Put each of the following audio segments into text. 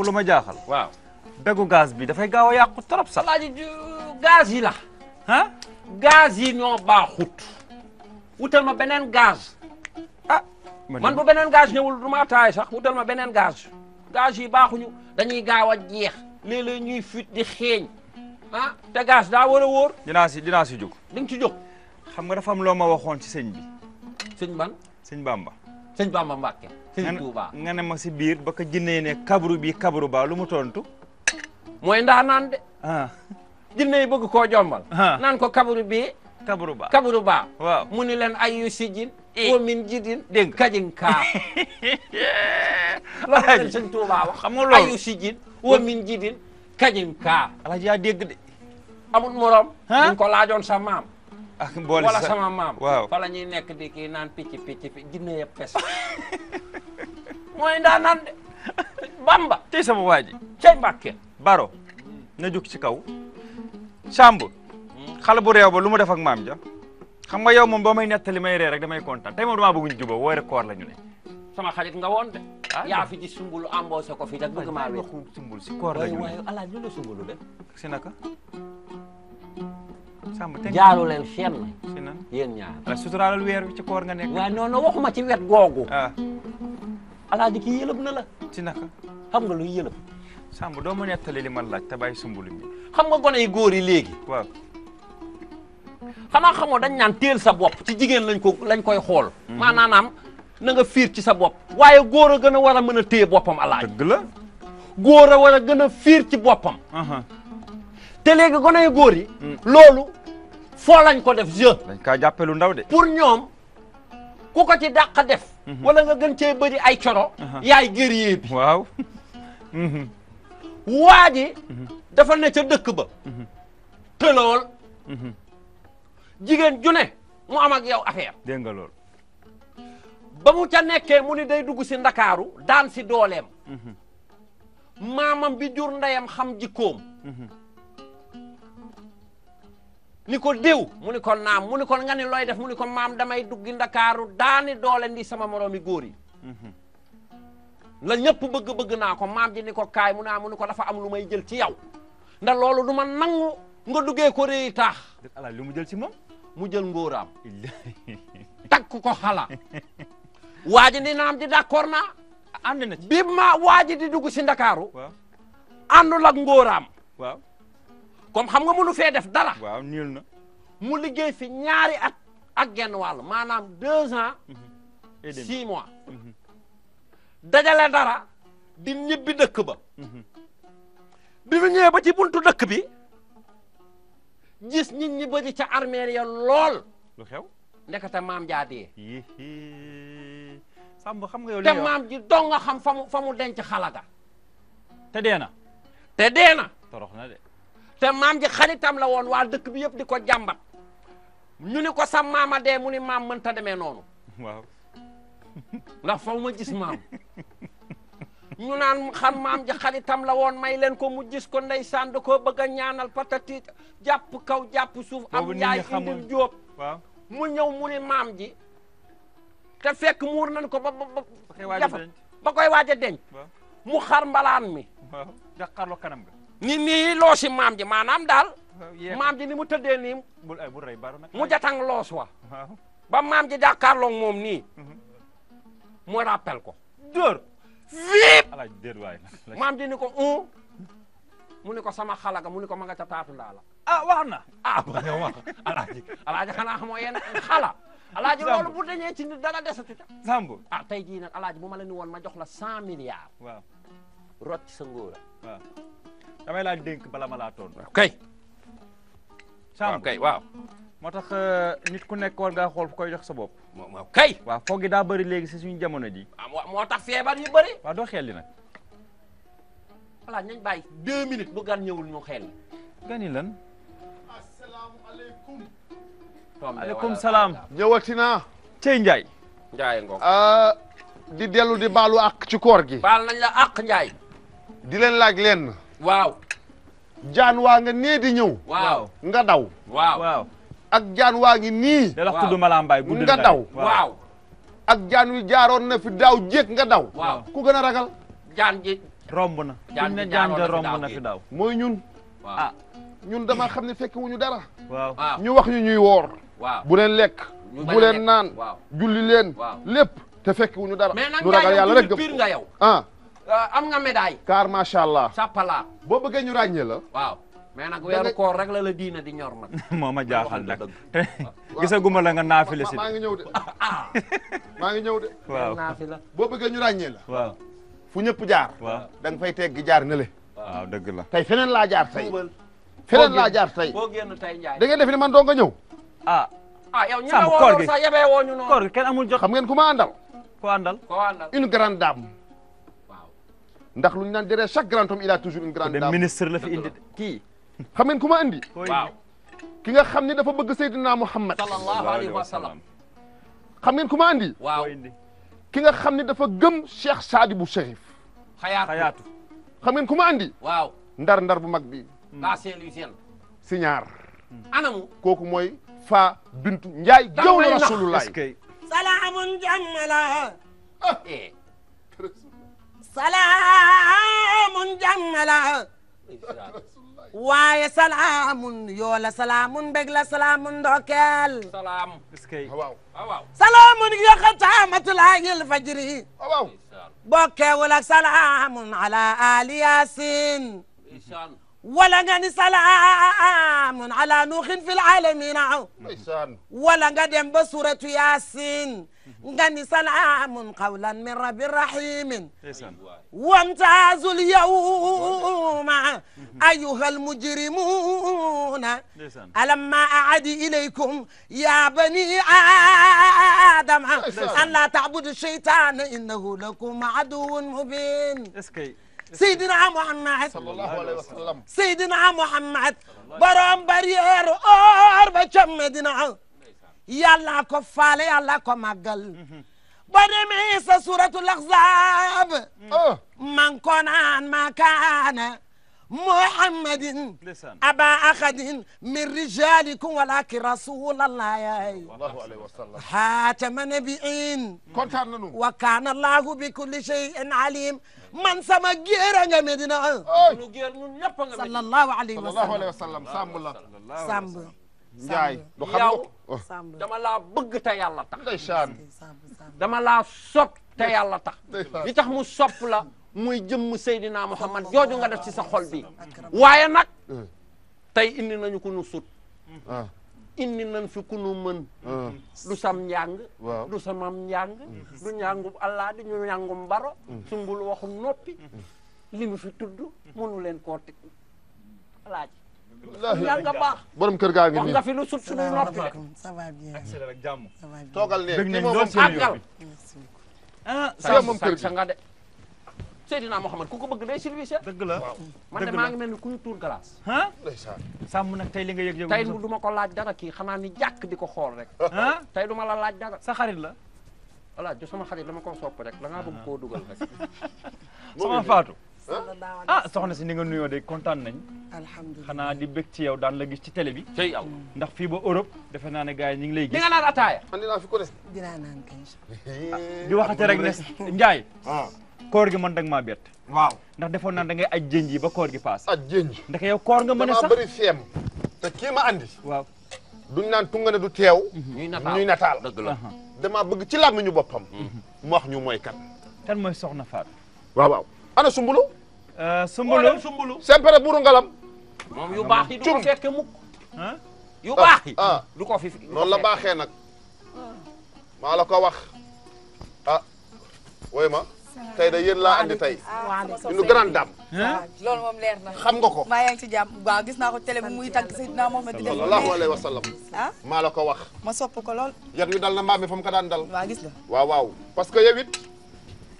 nga lu ma jaaxal. waaw dagu gaz bi dafay gaaw a yàqu trop sax. alaaji gaz yi la. ah gaz yi ñoo baaxut. wutal ma beneen gaz. Ah, a man bu beneen gaz ñëwul du ma taay sax wutal ma beneen gaz. gaz yi baaxuñu dañuy gaaw a jeex. léeg-léeg ñuy fuite di xeeñ. Ah, te gaz daa war a wóor. dinaa si dinaa si jóg. di nga ci jóg. xam nga dafa am loo ma waxoon ci sëñ bi. sëñ ban sëñ sëñ Bamba Mbàkke sëñ Tuuba nga ma si biir ba ko jinnee ne bi kabru ba lu mu tontu mooy bëgg koo jombal naan ko kabru bi kabru ba mu ni leen ay yu si jin o min jidin kajin kaa alaaji yaa dégg de amul morom duñ ko laajoon sa ak ah, mbooli wala sama maam. waaw fa la ñuy nekk di kii naan picc picc fi jinne yëpp fes mooy ndaa naan de Bamba. tey sama waa ji. cay Baro na jóg ci kaw. Samb. Hmm. xale bu réew ba lu mu def ak maam ja xam nga yow moom boo may nettali may ree rek damay kontaan tey moom damaa bëgg ñu jubóo woore koor la ñu ne. sama xarit nga woon de. Ah, yaa fi ci sumbulu embauché ko fi rek bëgg maa wér. sumbulu si koor la ñu ne waaye alaaj ñu la sumbulu de. si naka. Mm-hmm. jaalu leen fenn yéen ñaar suturaalal weer wi ci koor nga nekk waaw non non waxuma ci wet googu ah. alaaji ki yëlëb na la ci naka xam nga luy yëlëb Samba doo ma nettali li ma laaj te bàyyi sumbulu mi xam nga gone yi góor yi léegi waaw xanaa xamoo dañ naan teel sa bopp ci jigéen lañ ko lañ koy xool mm-hmm. maanaam na nga fiir ci sa bopp waaye góor a gën a war a mën a téye boppam alaaji dëgg góor a war a gën a fiir ci boppam te léegi gone yu góor mm. loolu foo lañ ko def jeu. dañ kaa jàppe lu ndaw de. pour ñoom ku ko ci dàq def. Mhm. wala nga gën cee bëri ay coro. Uh-huh. yaay guerrier bi waaw. Mhm. waa mhm. dafa ne ca dëkk ba. tëlool. jigéen ju ne mu am ak yow affaire. dégg nga lool. ba mu ca nekkee mu ni day dugg si ndakaaru daan si dooleem. maamam bi jur ndeyam xam jikkoom. ni ko déw mu ni ko naam mu ni ko nga ni looy def mu ni ko maam damay duggi ndakaaru daani doole ndi sama moroomi góor yi mhm. la ñëpp bëgg-bëgg naa ko maam ji ni ko kaay mu naa mu ni ko dafa am lu may jël ci yow ndax loolu du ma nangu nga duggee ko réyi taax ala lu mu jël si moom mu jël ngóoraam takk ko xala waa ji ni naam ji d'accord naa ànd na ci bi ma waa di dugg si ndakaaru àndul ak ngóoraam waaw comme xam nga mënu fee def dara. waaw niil na. mu liggéey fi ñaari at ak genn wàll maanaam deux ans. Mm-hmm. et demi mois. Mm-hmm. dajale dara di ñibbi dëkk ba. Mm-hmm. bi mu ñëwee ba ci buntu dëkk bi gis nit ñi bëri ca armeel ya lool. lu xew ndekete maam jaa dee. sàmm xam nga yow te maam ji dong nga xam fa mu fa mu denc xalaga. te dee na. te dee te maam ji xaritam la woon waa dëkk bi yëpp di ko jàmbat ñu ni ko sa maama dee mu ni maam mënta demee noonu waaw ndax faw ma gis maam ñu naan xam maam ji xaritam la woon may leen ko mu gis ko ndeysaan da koo bëgg a ñaanal patati jàpp kaw jàpp suuf am yaay indil jóob mu ñëw mu ni maam ji te fekk muur nañ ko ba ba ba koy waaj a denc mu xar mbalaan mi kanam ni nii loosi maam ji maanaam daal maam ji ni mu tëddee nii mu eh, jatang loos wa ba maam ji jàkkaarloog moom nii mhm. mu rappel ko dóor viip maam ji ni ko un mu ni ko sama xalaga mu ni ko ma nga ca taatu ndaa la ah wax na ah wax alaaji alaaji xanaa xamoo yéen xala alaaji loolu bu dañee ci nit dara desati ta samb ah tey jii nag alaaji bu ma la ni woon ma jox la cent milliards waaw rot ci sa ngóora waaw damay laa dénk bala ma laa toon kay saam moo tax euh, nit ku nekk war xool fu koy jox sa bopp waaw kay waaw foog gi daa bari léegi si suñu jamono ji ah, moo tax feebar yu bari waaw doo xel li nag voilà nañ bàyyi deux minutes bu gan ñëwul ñu xel gani lan asalaamaaleykum aleykum salaam ñëwati naa cey Njaay Njaay ah, di dellu di baalu àq ci koor gi baal nañ la àq Njaay di leen laaj leen waaw jaan waa nga nee di ñëw nga daw waaw ak jaan waa ngi nii da lax tudd malambaay bu nga daw ak jaan wi jaaroon na fi daaw jéeg nga daw ku gën a ragal jaan ji romb na jaan ne jaan ja romb na fi daaw mooy ñun ah ñun dama xam ne fekk wuñu dara ah. ñu wax ñu ñuy woor bu leen lekk bu leen naan julli leen lép te fekk wuñu dara lu ragal yàlla rek gëm ah Euh, am nga médaille. car macha allah. sàppala boo bëggee ñu ràññee la. waaw mais nag weeru koor rek la la diina di ñor nag. moo ma jaaxal nag te gisaguma la nga naafile si. maa ngi ñëw de maa ngi ñëw de. Ah. waaw boo bëggee ñu ràññee la. waaw fu ñëpp jaar. waaw da nga fay teggi jaar ne le. dëgg la tey feneen laa jaar tey. feneen laa jaar tey boo génn tey Ndiaye. da ngeen def ni man doo nga ñëw. a ah. ah yow ñu ne woon sax yebee woo ñu noonu. koor gi kenn amul jot. xam ngeen ku ma àndal. ku àndal. ku àndal une grande dame. ndax lu ñu naan derrière chaque grand homme il a toujours une grande ministre la fi indi kii xam ngeen ku ma andi ki nga xam ne dafa bëgg Seydina Muhammad sallallahu alayhi wa sallam xam ngeen ku ma andi ki nga xam ne dafa gëm Cheikh Sadibou Cherif xayaatu xam ngeen ku ma andi waaw ndar ndar bu mag bi hmm. la saint hmm. kooku mooy Fa Bintu Ndiaye jaww na rasulullah salaamun jammala eh. salaamun jàmmala waaye salaamun yoola salaamun bég la salaamun ndokkeel. salaam iskay waaw waaw. salaamun yokkataamatulaa yil fajri. waaw. bokkeewul ak salaamun ala ali yaasin. wala nga ni salaamun ah, ah, ah, ala nuuxin fil aalamiina wala nga dem ba suratu yaasin nga ni salaamun qawlan min rabbin rahimin wamtaazul yawma ayyuhal mujrimuuna alamma aadi ilaykum ya bani aadama an laa tacbudu shaytaana innahu lakum aduwwun mubin Seydina Muhammad sallallahu alayhi wa sallam Seydina Muhammad borom bariyeeru or ba ca Medina yàlla ko faale yàlla ko màggal ba demee sa suuratul Ahzab oh. man ko naan ma kaana Muhammadin aba ahadin min rijalikum walakin rasulallahi xaatama nabiin kontaan nanu wa kaana allahu bi kulli shay'in alim man sama géer a nga Medina. ñu géer ñun ñëpp a nga Medina. sallallahu alayhi wa sallam sallallahu alayhi wa sallam Samb la. Samb Ndiaye. du xam yow oh. dama laa bëgg te yàlla tax. ndeysaan dama laa sopp te yàlla tax. li tax mu sopp la muy jëmm Seydina Muhammad jooju nga def ci sa xol bi waaye nag. Eh. tey indi nañu ko nu sut. Ah. indi nan fi kunu mën ah. du sam njàng du samam njàng mm. du njàngum allah di ñu njàngum baro mm. sumbul waxum noppi mm. li mu fi tudd mënu leen koo teg alaaji yaa nga baax borom kër gaa ngi nii wax nga fi lu sut suñuy noppi de ça va bien accéléré ak jàmm toogal ne moom àggal ah sa moom kër sa nga de Seydina Mohamed ku ko bëgg day service dëgg la man de maa ngi mel ni ku ñu tuur glace ah tey li nga yëg-yëg tey ma ko laaj dara kii xanaa ni jàkk di ko xool tey du ma la laaj dara sa xarit la voilà jo sama xarit dama ko sopp rek da ngaa bëgg koo dugal rek sama faatu ah, soxna si ni nga nuyoo de kontaan nañ alhamdulilah xanaa di bég ci yow daan la gis ci télé bi tey yow ndax fii ba Europe defe naa ne gars yi ñu ngi lay gis di nga naan ataaya man ko des dinaa naan kañ ah, di waxate rek ne Ndiaye ah. koor gi man da ma maa waaw ndax defoon naa da ngay aj yi ba koor gi paas aj jën yi ndaka yow koor nga mën a sax bëri seem te kii ma andi waaw duñ naan tunga ne du teew mhm. ñuy nataal dëgg la uh-huh. damaa bëgg ci làmmiñu boppam mhm. mu wax ñu mooy kan kan mooy soxna Fatou waaw waaw ana sumbulu euh, sumbulu sumbulu sempere ngalam moom yu baax du ko fekke mukk yu baax yi du ko ah, ah. fi la baaxee nag maa la ko wax ah woy tey de yéen laa andi tey. une grande dame. loolu xam nga ko. maa ngi ci jàmm waaw gis naa ko télé bi muy tàgg Seydina Mohamed di def. sallallahu alayhi wa sallam. ah maa la ko wax. ma sopp ko lool. yat wi dal na mbaam mi fa ko daan dal. waaw gis na waaw waaw parce que yow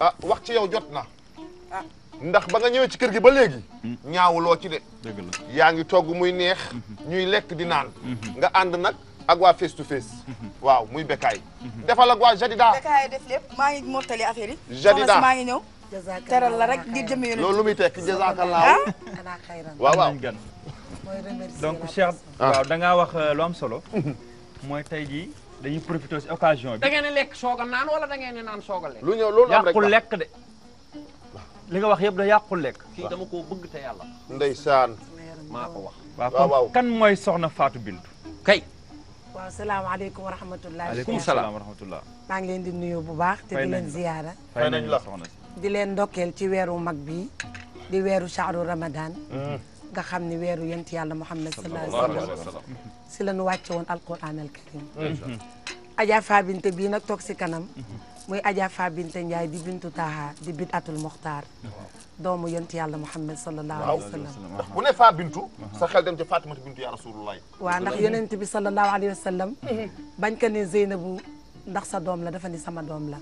a ah, wax ci yow jot na. Ah. ndax ba nga ñëwee ci kër gi ba léegi. Hmm. ñaawuloo ci de. dëgg yaa ngi togg muy neex. Hmm. ñuy lekk di naan. Hmm. nga ànd nag. ak waa face to face. waaw muy Bekay. defal ak waa Jadida. def lépp maa ngi mottali affaire yi. Jadida maa ngi ñëw. teral la rek loolu lu muy tekk jazakallah. Ah? waaw waaw. donc Cheikh. Ah. waaw wax euh, lu am solo. Mhm. mooy tey jii dañuy profité si occasion bi. da ngeen lekk soog a naan wala da ngeen naan soog lekk. lu ñëw loolu am lekk de. li nga wax yëpp da yàqul lekk. kii dama koo bëgg te yàlla. ndeysaan. maa ko wax. waaw kan mooy Soxna Fatou Bintou. waaw salaamaaleykum wa rahmatulah. waaleykum salaam wa rahmatulah. maa ngi leen di nuyu bu baax. te di leen ziyaara. fay nañ la soxna di leen ndokkeel ci weeru mag bii. di weeru shahru Ramadan. Mm. nga xam ne weeru yent yàlla Muhammad sallallahu alayhi wa sallam. si la ñu wàcce woon alquran al karim. Mm-hmm. Adja Fabinte bii nag toog si kanam. Mm-hmm. muy Adja Fabinte Ndiaye di bintu Taha di bint atul Mokhtar. doomu yonent yàlla Muhammad sallallahu alayhi wa sallam. ndax bu ne Fa bintu. sa xel dem ca Fatimatu bintu ya Rasulullah. waaw ndax yonent bi sallallahu alayhi wa sallam. bañ ko ne Zeynabu ndax sa doom la dafa ni sama doom la.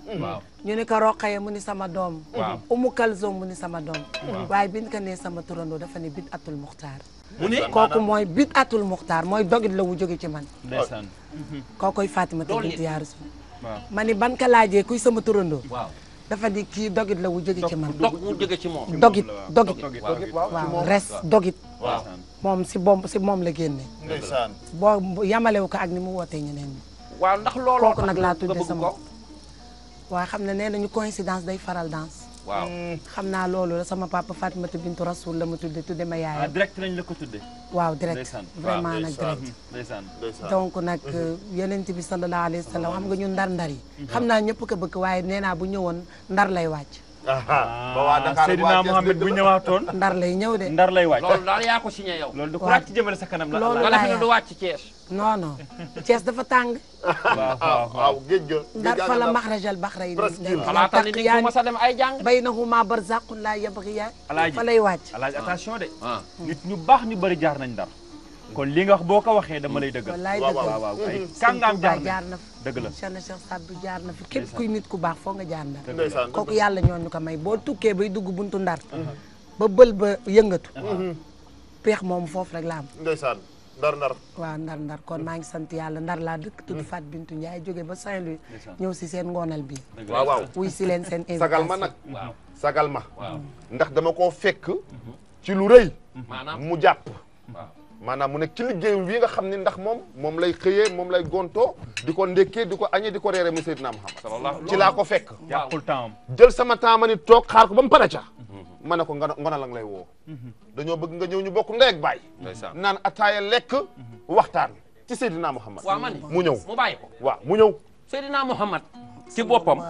ñu ne ko Roqaye mu ni sama doom. waaw Umu Kalzum mu ni sama doom. waaye biñ ko ne sama turandoo dafa ni bint atul Mokhtar. mu kooku mooy bit atul Muxtaar mooy dogit la wu jóge ci man. ndeysaan kookoy ma ni ban ka laajee kuy sama turandoo. dafa ni kii dogit la wu jóge ci man. dog wu ci moom. dogit dogit waaw res dogit. moom si moom si moom la génne. ndeysaan boo yamalewu ko ak ni mu wootee ñeneen ñi. waaw ndax looloo kooku nag laa tuddee sama. waaw xam ne nee nañu coïncidence day faral dance waaw mm, xam naa loolu la sama papa Fatimata Bintu Rasoul la ma tudde tudde ma yaayam ah, direct lañ la ko tudde waaw direct vraiment nag direct mm-hmm. donc nag mm-hmm. euh, yonent bi sallallahu alayhi wa sallam xam nga ñun ndar ndar yi xam naa ñëpp ko bëgg waaye nee naa bu ñëwoon ndar lay wàcc Ah, Seydina Mohamed bu ñëwaatoon ndar lay ñëw de ndar lay wàcc loolu daal yaa ko signé yow loolu du ko wàcc jëmale sa kanam la loolu nga def ne du wàcc Thiès non non Thiès dafa tàng waaw ah, waaw géej ga ndar fa la maxrajal baxra yi xalaatal ni nit ma sa dem ay jàng bay na huma barzaqun laa yabgiyaan fa lay wàcc alaaji attention de ah. nit ñu baax ñu bëri jaar nañ ndar kon li nga wax boo ko waxee dama lay dëgg waaw waaw ay kàngaam na dëgg la Cheikh na jaar na fi nit ku baax foo nga jaar na kooku yàlla ñoo ko may boo tukkee bay dugg buntu ndar ba bël ba yëngatu peex moom foofu rek la am ndeysaan ndar ndar waaw ndar ndar kon sant yàlla ndar laa dëkk tudd hmm. Fat Bintu Ndiaye ba saint ñëw si seen ngoonal bi si leen seen ma nag sagal ma ndax dama koo fekk mhm. ci lu rëy mhm. mu jàpp maanaam mu nekk ci liggéeyam nga xam ni ndax moom moom lay xëyee moom lay gontoo di ko ndekkee di ko añee di ko reere mu Seydina Muhammad ci laa ko fekk yàqul temps jël sama temps ma ni toog xaar ko ba mu pare ca mhm. ma ne ko ngona ngona la nga lay woo mhm. dañoo bëgg nga ñëw ñu bokk ndey ak baay naan ataaya lekk mhm. waxtaan ci Seydina Muhammad waaw man mu ñëw mu bàyyi ko waaw mu ñëw Seydina Muhammad ci boppam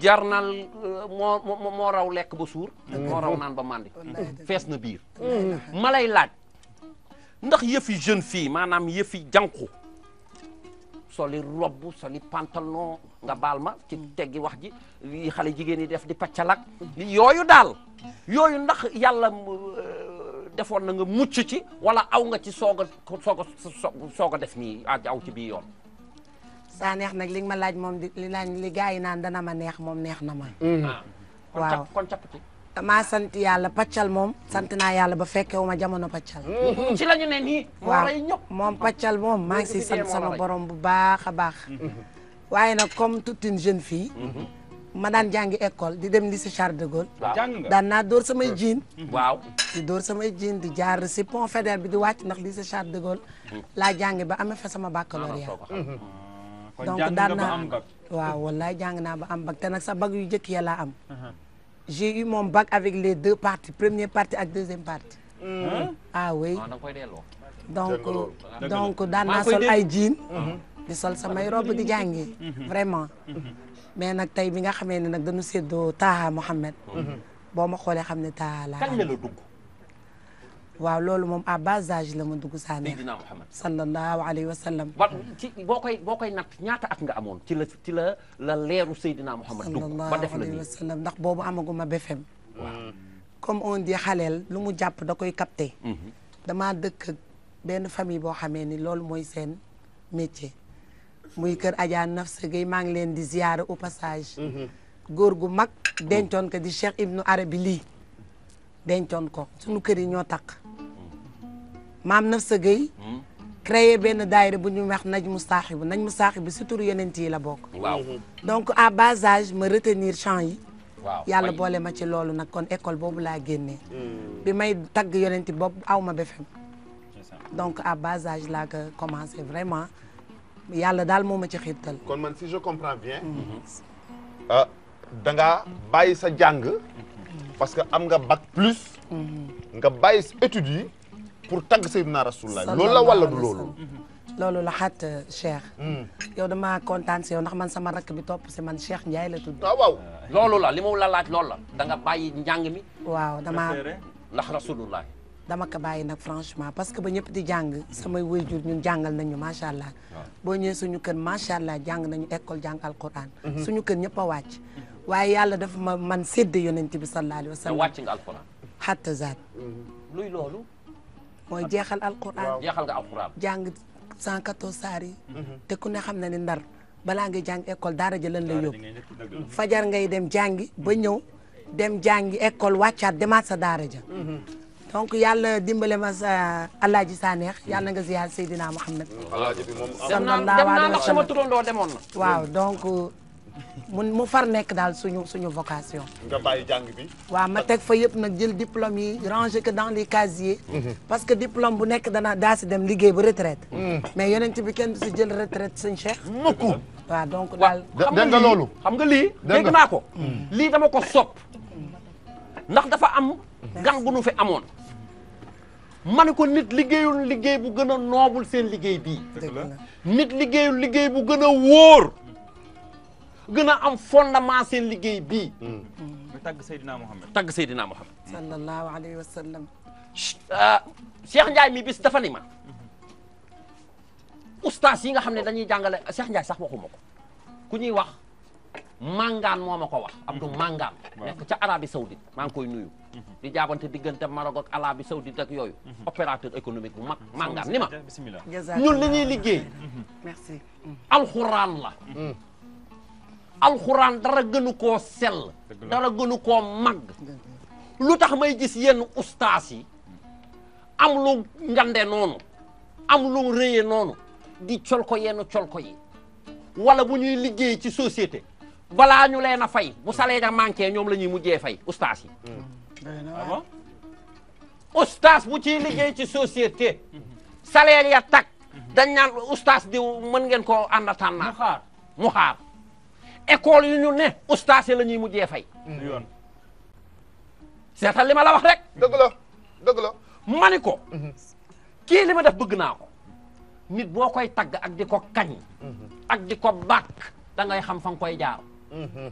jar na uh, moo moo raw lekk ba suur moo raw naan ba mandi fees na biir ma lay laaj ndax yëfi jeune fii maanaam yëfi jànku soli robb soli pantalon nga baal ma ci teggi wax ji li xale jigéen yi def di paccalak yooyu daal yooyu ndax yàlla euh, defoon na nga mucc ci wala aw nga ci soog a soog a soog a def nii aw ci bii yoon saa neex nag li nga ma laaj moom di li laaj li gars yi naan dana ma neex moom neex na ma mm-hmm. kon capp maa sant yàlla paccal moom sant naa yàlla ba fekkewu ma jamono paccal mm-hmm. moom paccal moom maa ngi siy sant sama borom bu baax a baax mm-hmm. waaye nag comme toute une jeune fille mm-hmm. ma daan jàngi ecole di dem lycée Charles de Gaulle daan naa dóor sama jiin di dóor samay jiin di jaar si pont Faidherbe bi di wàcc ndax lycée Charles de Gaulle laa jàngi ba amee fa sama baccalauréat donc daan naa waaw wallaay jàng naa ba am bag te nag sa bag yu jëkk ya am uh-huh. j'ai eu mon bac avec les deux parties première partie ak deuxième partie. Hmm. ah oui ah, donc donc daan naa sol ay jean. Hmm. Hmm. di sol samay robe di jàngi. vraiment. mais nag tey bi nga xamee ne nag dañu séddoo Taha Mohamed. boo ma xoolee xam ne Taha laa. dugg. waaw loolu moom à bas la ma dugg saa neex. Seydina Muhammad boo koy boo koy natt ñaata at nga amoon ci la ci la la leeru Seydina Muhammad dugg ba def la nii sallallahu alayhi wa sallam ndax boobu amaguma BFEM. waaw comme on dit xaleel lu mu jàpp da koy capté. Mhm. damaa dëkk benn famille boo xamee ni loolu mooy seen métier. muy kër Adja Nafsa Gueye maa ngi leen di ziyaare au passage. Mhm. góor gu mag dencoon ko di Cheikh Ibnu Arabi lii dencoon ko sunu kër yi ñoo takk. maam Nafsa Gueye créé benn daayira bu ñu wax naj mu saaxi bu naj mu saaxi bu surtout yonent yi la bokk waaw donc à basage ma retenir change yàlla boole ma ci loolu nag kon école boobu laa génne hmm. bi may tagg yonent boobu aw ma befem donc à basage âge laa ko commencé vraiment yàlla daal moom ma ci xiirtal kon man si je comprends bien hmm. mhm. euh, bàyyi sa jàng hmm. parce que am nga bac plus nga bàyyi études pour tagg Seydina Rasulullah loolu la wala du loolu loolu la xaat euh, Cheikh hmm. yow damaa kontaan si yow ndax man sama rakk bi topp si man Cheikh Ndiaye la tudd ah, loolu la li ma la laaj loolu la da nga bàyyi njàng mi waaw damaa ndax Rasulullah dama ko bàyyi nag franchement parce que ba ñëpp di jàng samay waajur ñu jàngal nañu macha allah boo ñëwee suñu kër macha allah jàng nañu école jàng alquran hmm. suñu kër ñëpp a wàcc waaye yàlla dafa ma man sédd yonent bi sallallahu alayhi wa sallam wàcc nga alquran xatta zaat mooy jeexal alquran jeexal nga alquran jàng 114 saar mhm. te ku ne xam na ne ndar balaa ngay jàng école daara ja lan la yóbbu fajar ngay dem jàngi ba mhm. ñëw dem jàngi école wàccaat demaat sa daara ja mhm. donc yàlla dimbale ma sa alaaji Saneex yàlla nga ziyaar Seydina Muhammad alaaji bi moom dem naa ndax sama turandoo demoon na waaw donc mun mu far nekk daal suñu suñu vocation. waa ma teg fa yëpp nag jël diplôme yi ranger que dans les casiers. Mhm. parce que diplôme bu nekk dana daa si dem liggéey ba retraite. Mhm. mais yonent bi kenn du si jël retraite sëñ Cheikh. mukk waaw donc daal. dégg nga loolu xam nga lii dégg naa ko. Mhm. lii dama ko sopp ndax dafa am. gan gu nu fi amoon. ma ne ko nit liggéeyul liggéey bu gën a noobul seen liggéey bii. nit liggéeyul liggéey bu gën a wóor. gën a am fondement seen liggéey bi tagg Seydina Mohamed. tagg Seydina Mohamed. sallallahu alayhi wa sallam. Ah, Cheikh Ndiaye mi bis dafa ni ma. ustaas yi nga xam ne dañuy jàngale Cheikh Ndiaye sax waxuma ko ku ñuy wax màngaan moo ma ko wax. Abdou màngaan nekk ca Arabie Saoudite maa ngi koy nuyu. di jaabante diggante Maroc ak Arabie Saoudite ak yooyu. Mhm. opérateur économique bu mag màngaan ni ma. ñun li ñuy liggéey. alxuraan la. Mhm. alxuraan dara gënu koo sell dara gënu koo màgg lu tax may gis yenn ustaas yi am lu ngande noonu am lu rëye noonu di col ko yenn colko yi wala bu ñuy liggéey ci société balaa ñu leen a fay bu salaire manqué ñoom la ñuy mujjee fay ustaas ustaas bu ciy liggéey ci société salaire ya tag dañ naan ustaas di mën ngeen ko àndataan naa mu école yu ñu ne ustaase la ñuy mujjee fay. yoon seetal li ma la wax rek. dëgg la dëgg ma ni ko. Mhm. kii li ma def bëgg naa ko. nit boo koy tagg ak di ko kañ. Mhm. ak di ko bàkk xam fa koy jaar. Mhm.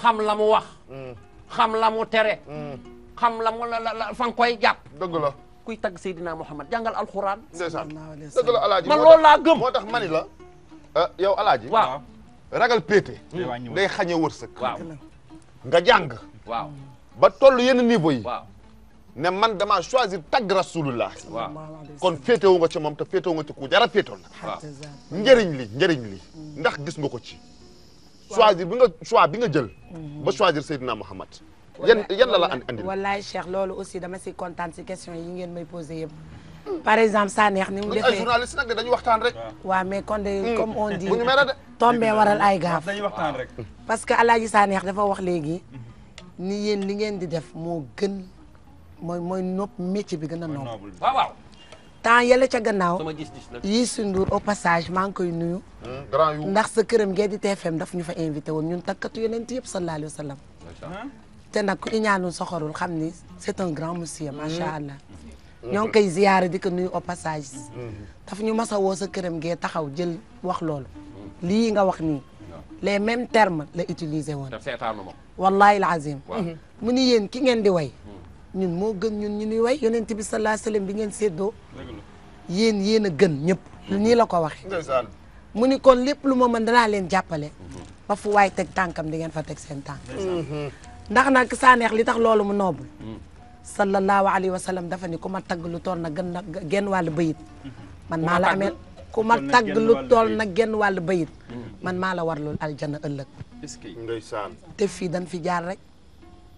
xam la mu wax. xam la mu tere. xam la mu la la fa nga koy jàpp. dëgg la. kuy tagg Seydina Muhammad jàngal alxuraan. ndeysaan dëgg la alaaji man loolu laa gëm moo tax mani la. Eh, yow alaaji waaw. ragal péete. day xañe wërsëg. waaw nga jàng. waaw ba toll yenn niveau yi. waaw ne man damaa choisir tagg rasulullah. waaw kon féetewu nga ci moom te féetewu nga ci ku jara féetoon na. waaw njëriñ li njëriñ li. ndax gis nga ko ci. choisir bi nga choix bi nga jël. Mhm. ba choisir Seydina Muhammad. yan yan la la andi. wallaay Cheikh loolu aussi dama si kontaan si question yi ngeen may posé yëpp. par exemple sa neex ni mu defee ay journaliste nag dañuy waxtaan rek. mais kon de hmm. comme on dit. bu ñu mere waral ay gaaf. dañuy waxtaan rek. parce que Alaaji sa neex dafa wax léegi. ni yéen li ngeen di def moo gën mooy mooy nopp métier bi gën a nopp. yele ca gannaaw. sama gis au passage maa ngi koy nuyu. Hmm, grand yu ndax sa këram gee di TFM daf ñu fa invité woon ñun takkatu yonent yëpp sallallahu alayhi wa sallam. te nag ku ñu ñaanul soxorul xam ni c'est un grand monsieur. macha hmm. ñoo ngi koy ziyaare di ko nuyu ñu mas a woo sa këram gee taxaw jël wax loolu. lii nga wax nii. les mêmes termes la utiliser woon. daf seetaanu ma. wallaahi alazim. Mhm. mu ni yéen ki ngeen di way. ñun moo gën ñun ñu nuy way yonent bi sallallahu alayhi wasallam bi ngeen séddoo. yéen yéen a gën ñëpp. Mhm. nii la ko waxee. mu ni kon lépp lu ma mën danaa leen jàppale. Mhm. ba fu waay teg tànkam di ngeen fa teg seen tànk. ndax nag saa neex li tax loolu mu noobul. sallallahu alayhi wa sallam dafa ni ku ma tagg lu tool na gën na genn wàllu bayit man maa la amee ku ma tagg lu tool na genn wàllu bayit man maa la warlul aljana ëllëg ndeysaan te fii dañ fi jaar rek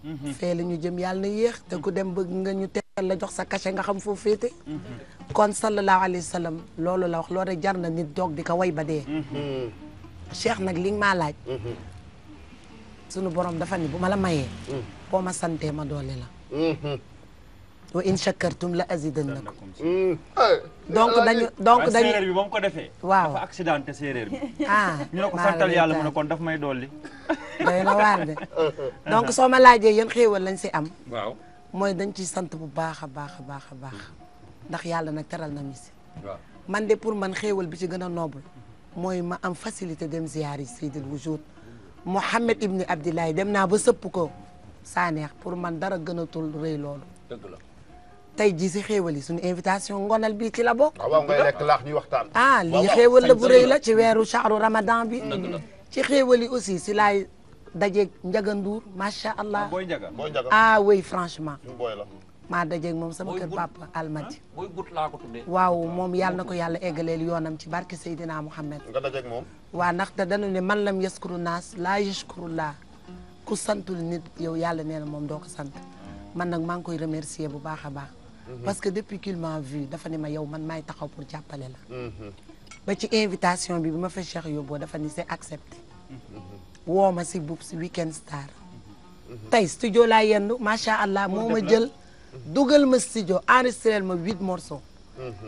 mhm. fee la ñu jëm yàlla na yéex te ku dem bëgg nga ñu teeral la jox sa cachet nga xam foofu féete mhm. kon sallallahu alayhi wa loolu la wax loolu rek jar na nit doog di ko way ba dee mhm. cheikh nag li nga maa laaj sunu borom dafa ni bu ma la mayee boo ma santee ma doole la wa in shakartum la azidannakum mm-hmm. donc si mm-hmm. donc dañu séeréer bi ba ko defee. waaw dafa accidenté séeréer bi. ah ñu ne ko santal yàlla mu ne kon daf may dolli. doy na waar donc soo ma laajee yan xéewal lañ si am. mooy dañ ciy sant bu baax a baax a baax a baax mm-hmm. ndax yàlla nag teral na mi si. man de pour man xéewal bi ci gën a noble mooy ma am facilité dem ziyaari Seydil Wujud Mouhamed Ibni Abdillahi dem naa ba sëpp ko. Saneex pour man dara gënatul rëy loolu. dëgg la. tey si xéewal yi suñu invitation ngonal bi ci la bokk. Ah, waaw ngay ah lii xéewal la bu rëy la ci weeru shahru ramadan bi. ci xéewal yi aussi si laay dajeeg Ndiaga Ndour macha allah. Ah, booy Ndiaga booy ah oui franchement. maa dajeeg moom sama kër papa Almadi. Ah, booy waaw moom yàlla na ko yàlla eggaleel yoonam ci barke Seydina Muhammad. nga dajeeg waa ndaxte dañu ne man lam yaskuru naas laa yashkuru laa ku santul nit yow yàlla nee na moom doo ko sant man nag maa ngi koy remercier bu baax a baax mhm. parce que depuis qu'il m'a vu dafa ne ma yow man maay taxaw pour jàppale la mhm. ba ci invitation bi bi ma fa Cheikh yóbboo dafa ni see accepté mhm. woo ma si buub si Weekend Star tey studio laa yendu macha allah moo ma jël dugal ma studio enregistré ma huit morso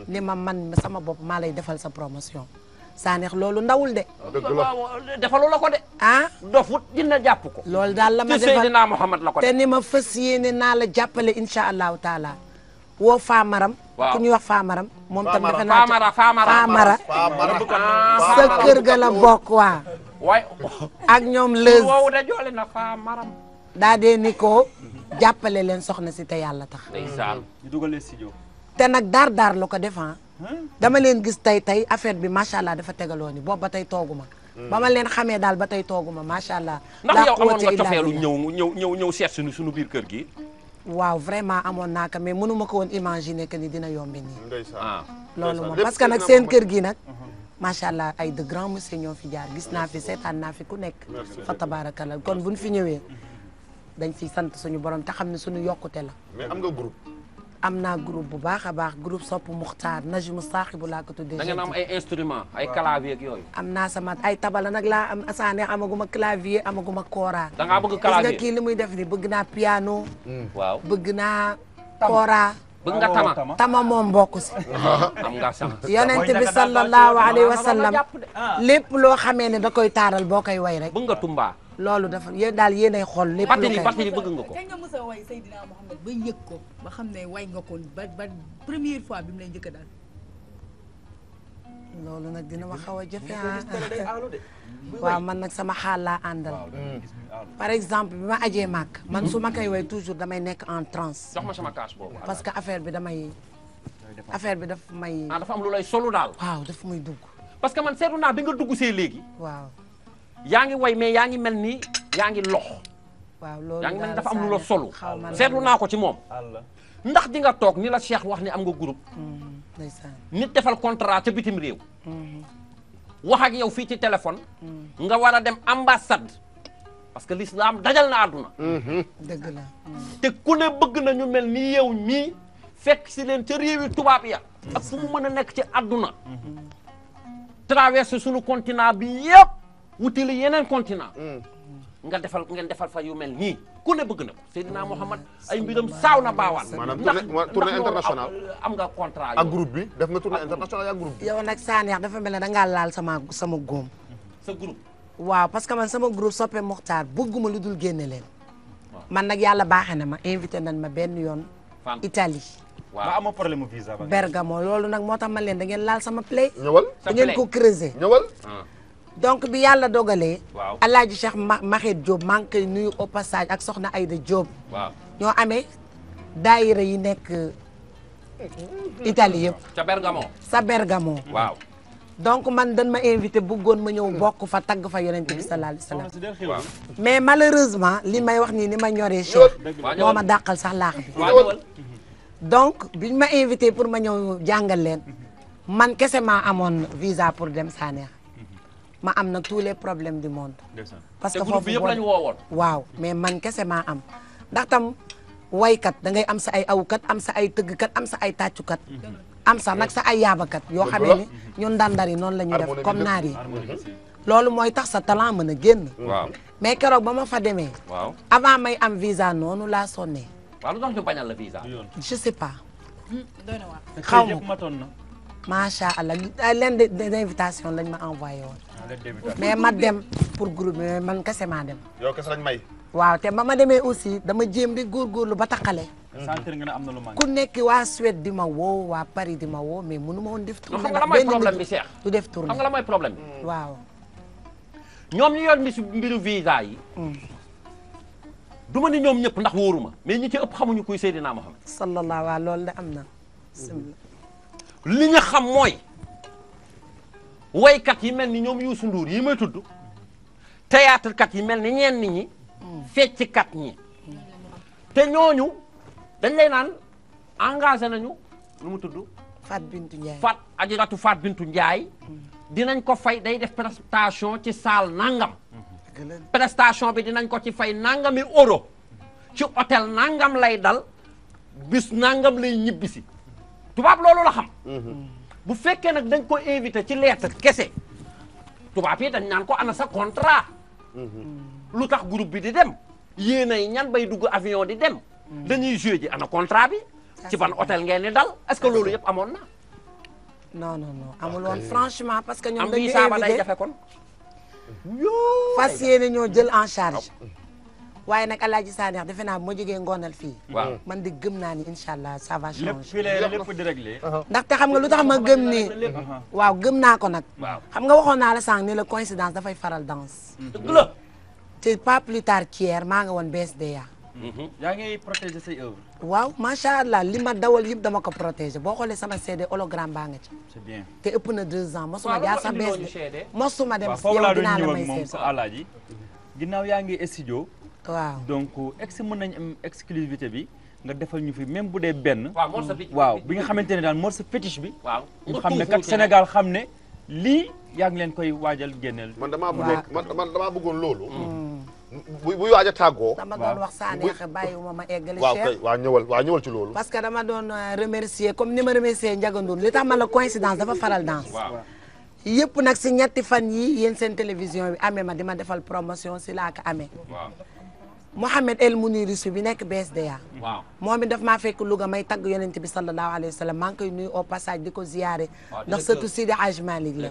ni ma man sama bopp maa lay defal sa promotion Sanex loolu ndawul de. Ah, defalu la ko de. ah dofut dina jàpp ko. loolu daal la ma defal ci ko de. te ni ma fas naa la jàppale incha allahu taala woo Faamaram. waaw ku ñuy wax Faamaram. moom tam defe naa Faamara Faamara Faamara. Ah, ah, sa kër ga la bokk waa. ak ñoom lëz. wow ni ko jàppale leen soxna si te yàlla tax. ndeysaan ñu dugal te nag daar daar la ko dama leen gis tey tey affaire bi macha allah dafa tegaloo ni boobu ba tey tooguma ma. ma leen xamee daal ba tey tooguma ma macha allah. ndax yow amoon nga ñëw ñëw ñëw seet suñu suñu biir kër gi. waaw vraiment amoon naa ko mais mënu ma ko woon imaginer que ni dina yombi nii. Ah. loolu moom parce que nag seen kër gi nag. macha allah ay de grands monsieur ñoo fi jaar gis naa fi seetaan naa fi ku nekk. fa tabaarakalla kon buñ fi ñëwee. dañ fi sant suñu borom te xam ne suñu yokkute la. am nga am naa groupe bu baax a baax groupe sopp Muxtaar Najmu Saaxibu laa ko tuddee. da ngeen am ay instrument ay clavier ak yooyu. am naa sama ay tabala nag laa am asaane amaguma clavier amaguma kora. da ngaa bëgg clavier gis nga kii li muy def ni bëgg naa piano. Mm. waaw bëgg naa kora. tama moom bokk si. am nga sama. yonent bi sallallahu alayhi wa sallam lépp loo xamee ne da koy taaral boo koy way rek. bëgg nga loolu dafa yéen daal yéenay xool lépp lu koy Barthélémy bëgg nga ko kañ nga mës a way Seydina Mohamed ba yëg ko ba xam ne way nga ko ba ba première fois bi mu lay njëkk a daal loolu nag dina ma xaw a jafe ah. waaw man nag sama xaal laa àndal par exemple bi ma ajee màkk man su ma koy way toujours damay nekk en trance jox sama kaas boobu parce que affaire bi damay affaire bi daf may ah dafa am may dugg parce que man seetlu naa bi nga dugg see léegi waaw yaa ngi way mais yaa ngi mel ni yaa ngi lox waaw loolu yaa ngi mel ni dafa am lu la solo seetlu naa ko ci moom ndax di nga toog ni la Cheikh wax ni am nga groupe mm, nit defal contrat ca bitim réew mm-hmm. wax ak yow fii ci téléphone mm. nga war a dem ambassade parce que l'islam dajal na àdduna mm-hmm. dëgg la mm. te ku ne bëgg na ñu mel ni yow mii fekk si leen ca réewi tubaab ya ak fu mu mën a nekk ci àdduna mm-hmm. traversé sunu continent bi yépp wutali yeneen continent mm. nga defal ngeen defal fa yu mel nii ko ne bëgg na ko Seydina Mouhamad ay mbiram saaw na baawaan a tournée international am nga contrat ak groupe bi def nga tournée international ak groupe bi yow nag Saneex dafa mel ne dangaa laal sama sama góom sa groupe waaw parce que man sama groupe soppe Mokhtar bëgguma lu dul génne leen man nag yàlla baaxe na ma invité nan ma benn yoon Italie waaw ba amoo problème visa ba Bergamo loolu nag moo tax man leen da ngeen laal sama play ñëwal da donc bi yàlla dogalee. waaw Alaaji Cheikh Maxet Diop maa ngi koy au passage ak soxna Aida Diop. ñoo amee daayira yi nekk Italie yëpp. sa Bergamo. sa Bergamo. waaw. donc man dañ ma invité bëggoon ma ñëw bokk fa tagg fa yonent bi sallallahu alayhi wasallam mais malheureusement li may wax nii ni ma ñoree Cheikh moo ma dàqal sax laax bi donc biñ ma invité pour ma ñëw jàngal leen man kese maa amoon visa pour dem Sanex ma am nag tous les problèmes du monde. parce que foofu yëpp lañu woowoon waaw mais man kese ma am ndax tam waykat da ngay am sa ay awkat am sa ay tëggkat am sa ay tàccukat. Mm-hmm. am sa nag sa ay yaabakat yoo xamee ni ñun ndàndar noonu la ñuy def comme naar yi loolu mooy tax sa talent mën a génn waaw mais keroog ba ma fa demee waaw avant may am visa noonu laa sonnee waaw lu tax ñu macha allah euh, lettre d'invitation lañ ma envoyé woon. Ah, mais ma dem pour groupe bi man kese maa dem. yow waaw te ba ma demee aussi dama jéem di góorgóorlu ba taxalee. Mm-hmm. sentir nga ne am na lu ma. ku nekk waa Suède di ma woo waa Paris di ma woo mais mënu ma woon def. tournée xam nga la mooy bi Cheikh du def tournée xam nga la mooy problème mm. waaw. ñoom ñu yor mbiru visa yi. Mm. du ma ni ñoom ñëpp ndax ma mais ñi ci ëpp xamuñu kuy Seydina Mohamed. sallallahu waaw lool de am na. li nga xam mooy woykat yi mel ni ñoom Youssou Ndour yi may tudd théâtre kat yi mel ni ñenn ñi fecc kat ñi te ñooñu dañ lay naan engagé nañu lu mu tudd Fat Bintou Ndiaye Fat dinañ ko fay day def prestation ci salle nangam prestation bi dinañ ko ci fay nangami euro ci otel nangam lay dal bis nangam lay ñibbisi tubaab loolu laxam mhm. bu fekkee nag dañ ko invité ci lettre kese tubaab yi dañ naan ko ana sa contrat. Mhm. lu tax groupe bi di dem yéenay ñan bay dugg avion di dem. Mhm. dañuy yi ji ana contrat bi. ci ban hôtel ngeen di dal est que loolu yëpp amoon na. non non non amul woon franchement parce que ñoom dañuy invité am bii saaba day jafe kon. yéene ñoo jël en charge. Oh. waaye nag Alaaji Saneex defe naa bu ma jógee ngoonal fii man di gëm naa ni incha allah ça va changer lépp di réglé uh-huh. ndaxte xam nga lu tax ma gëm ni uh-huh. waaw gëm naa ko nag xam nga waxoon naa la sànq ni la coïncidence dafay faral danse mm-hmm. dëgg la plus tard qu'hier maa nga woon BSDA mm-hmm. yaa ngi waaw macha allah li ma dawal yëpp dama ko protégé boo xoolee sama CD hologramme baa nga ci. c'est ëpp na deux ans mosuma jaar sax bees mosuma dem. yow dinaa la may seede waaw foofu laa yaa ngi studio waaw donc ex mën nañ am exclusivité bi nga defal ñu fi même bu dee benn. waaw bi nga xamante ne daal morceau fétiche bi. waaw ñu xam ne kat Sénégal xam ne lii yaa ngi leen koy waajal génneel. man damaa bëggoon man damaa bëggoon loolu. Hmm. bu buy waaj a tàggoo. dama doon wax Sanex bàyyiwuma ma eggale. waaw kay waaw ñëwal waa ñëwal ci loolu. parce que dama doon euh, remercier comme ni ma remercier Ndiaga Ndour li tax ma la coïncidence dafa faral danse. yëpp nag si ñetti fan yi yéen seen télévision bi amee ma di ma defal promotion si laa ko amee. Mouhamed El Mounirou bi nekk de waaw moo it daf maa fekk Louga may tagg yonent bi sallallahu alayhi wa sallam maa ngi koy nuyu au passage di ko ziyaare. ndax surtout Sidi Hadj Malick la.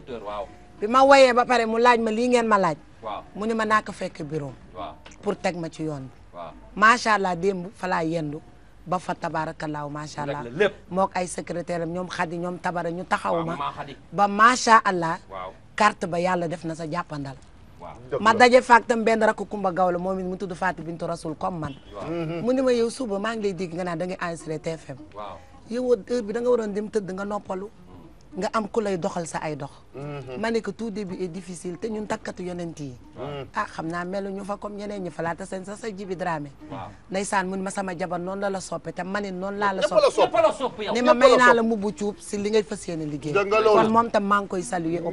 bi ma woyee ba pare mu laaj ma lii ngeen ma laaj. waaw mu ne ma naa ko fekk bureau waaw pour teg ma ci yoon bi. waaw macha allah démb fa laa yendu. ba fa tabaarakallaahu macha allah mook ay secrétaire am ñoom xadi ñoom tabara ñu taxaw ma. ba macha allah. carte ba yàlla def na sa jàppandal. ma daje faak tam benn rakk Kumba Gawlo moom it tudd Fatou Bintou Rasoul comme man mu ma yow suba maa ngi lay nga naan da ngay enregistré TFM yow heure bi da nga waroon dem tëdd nga noppalu nga am ku lay doxal sa ay dox mhm. ma ne que tout début est difficile te ñun takkatu yonent yi mhm. ah xam naa melu ñu fa comme ñeneen ñi fa laata sa sa sa jibi dramé ndeysaan mun ma sama jabar noonu la la soppe te manin noonu laa la soppe ne ma may naa la mubbu cuub si li ngay fas yéene liggéey kon moom tam maa ngi koy saluer au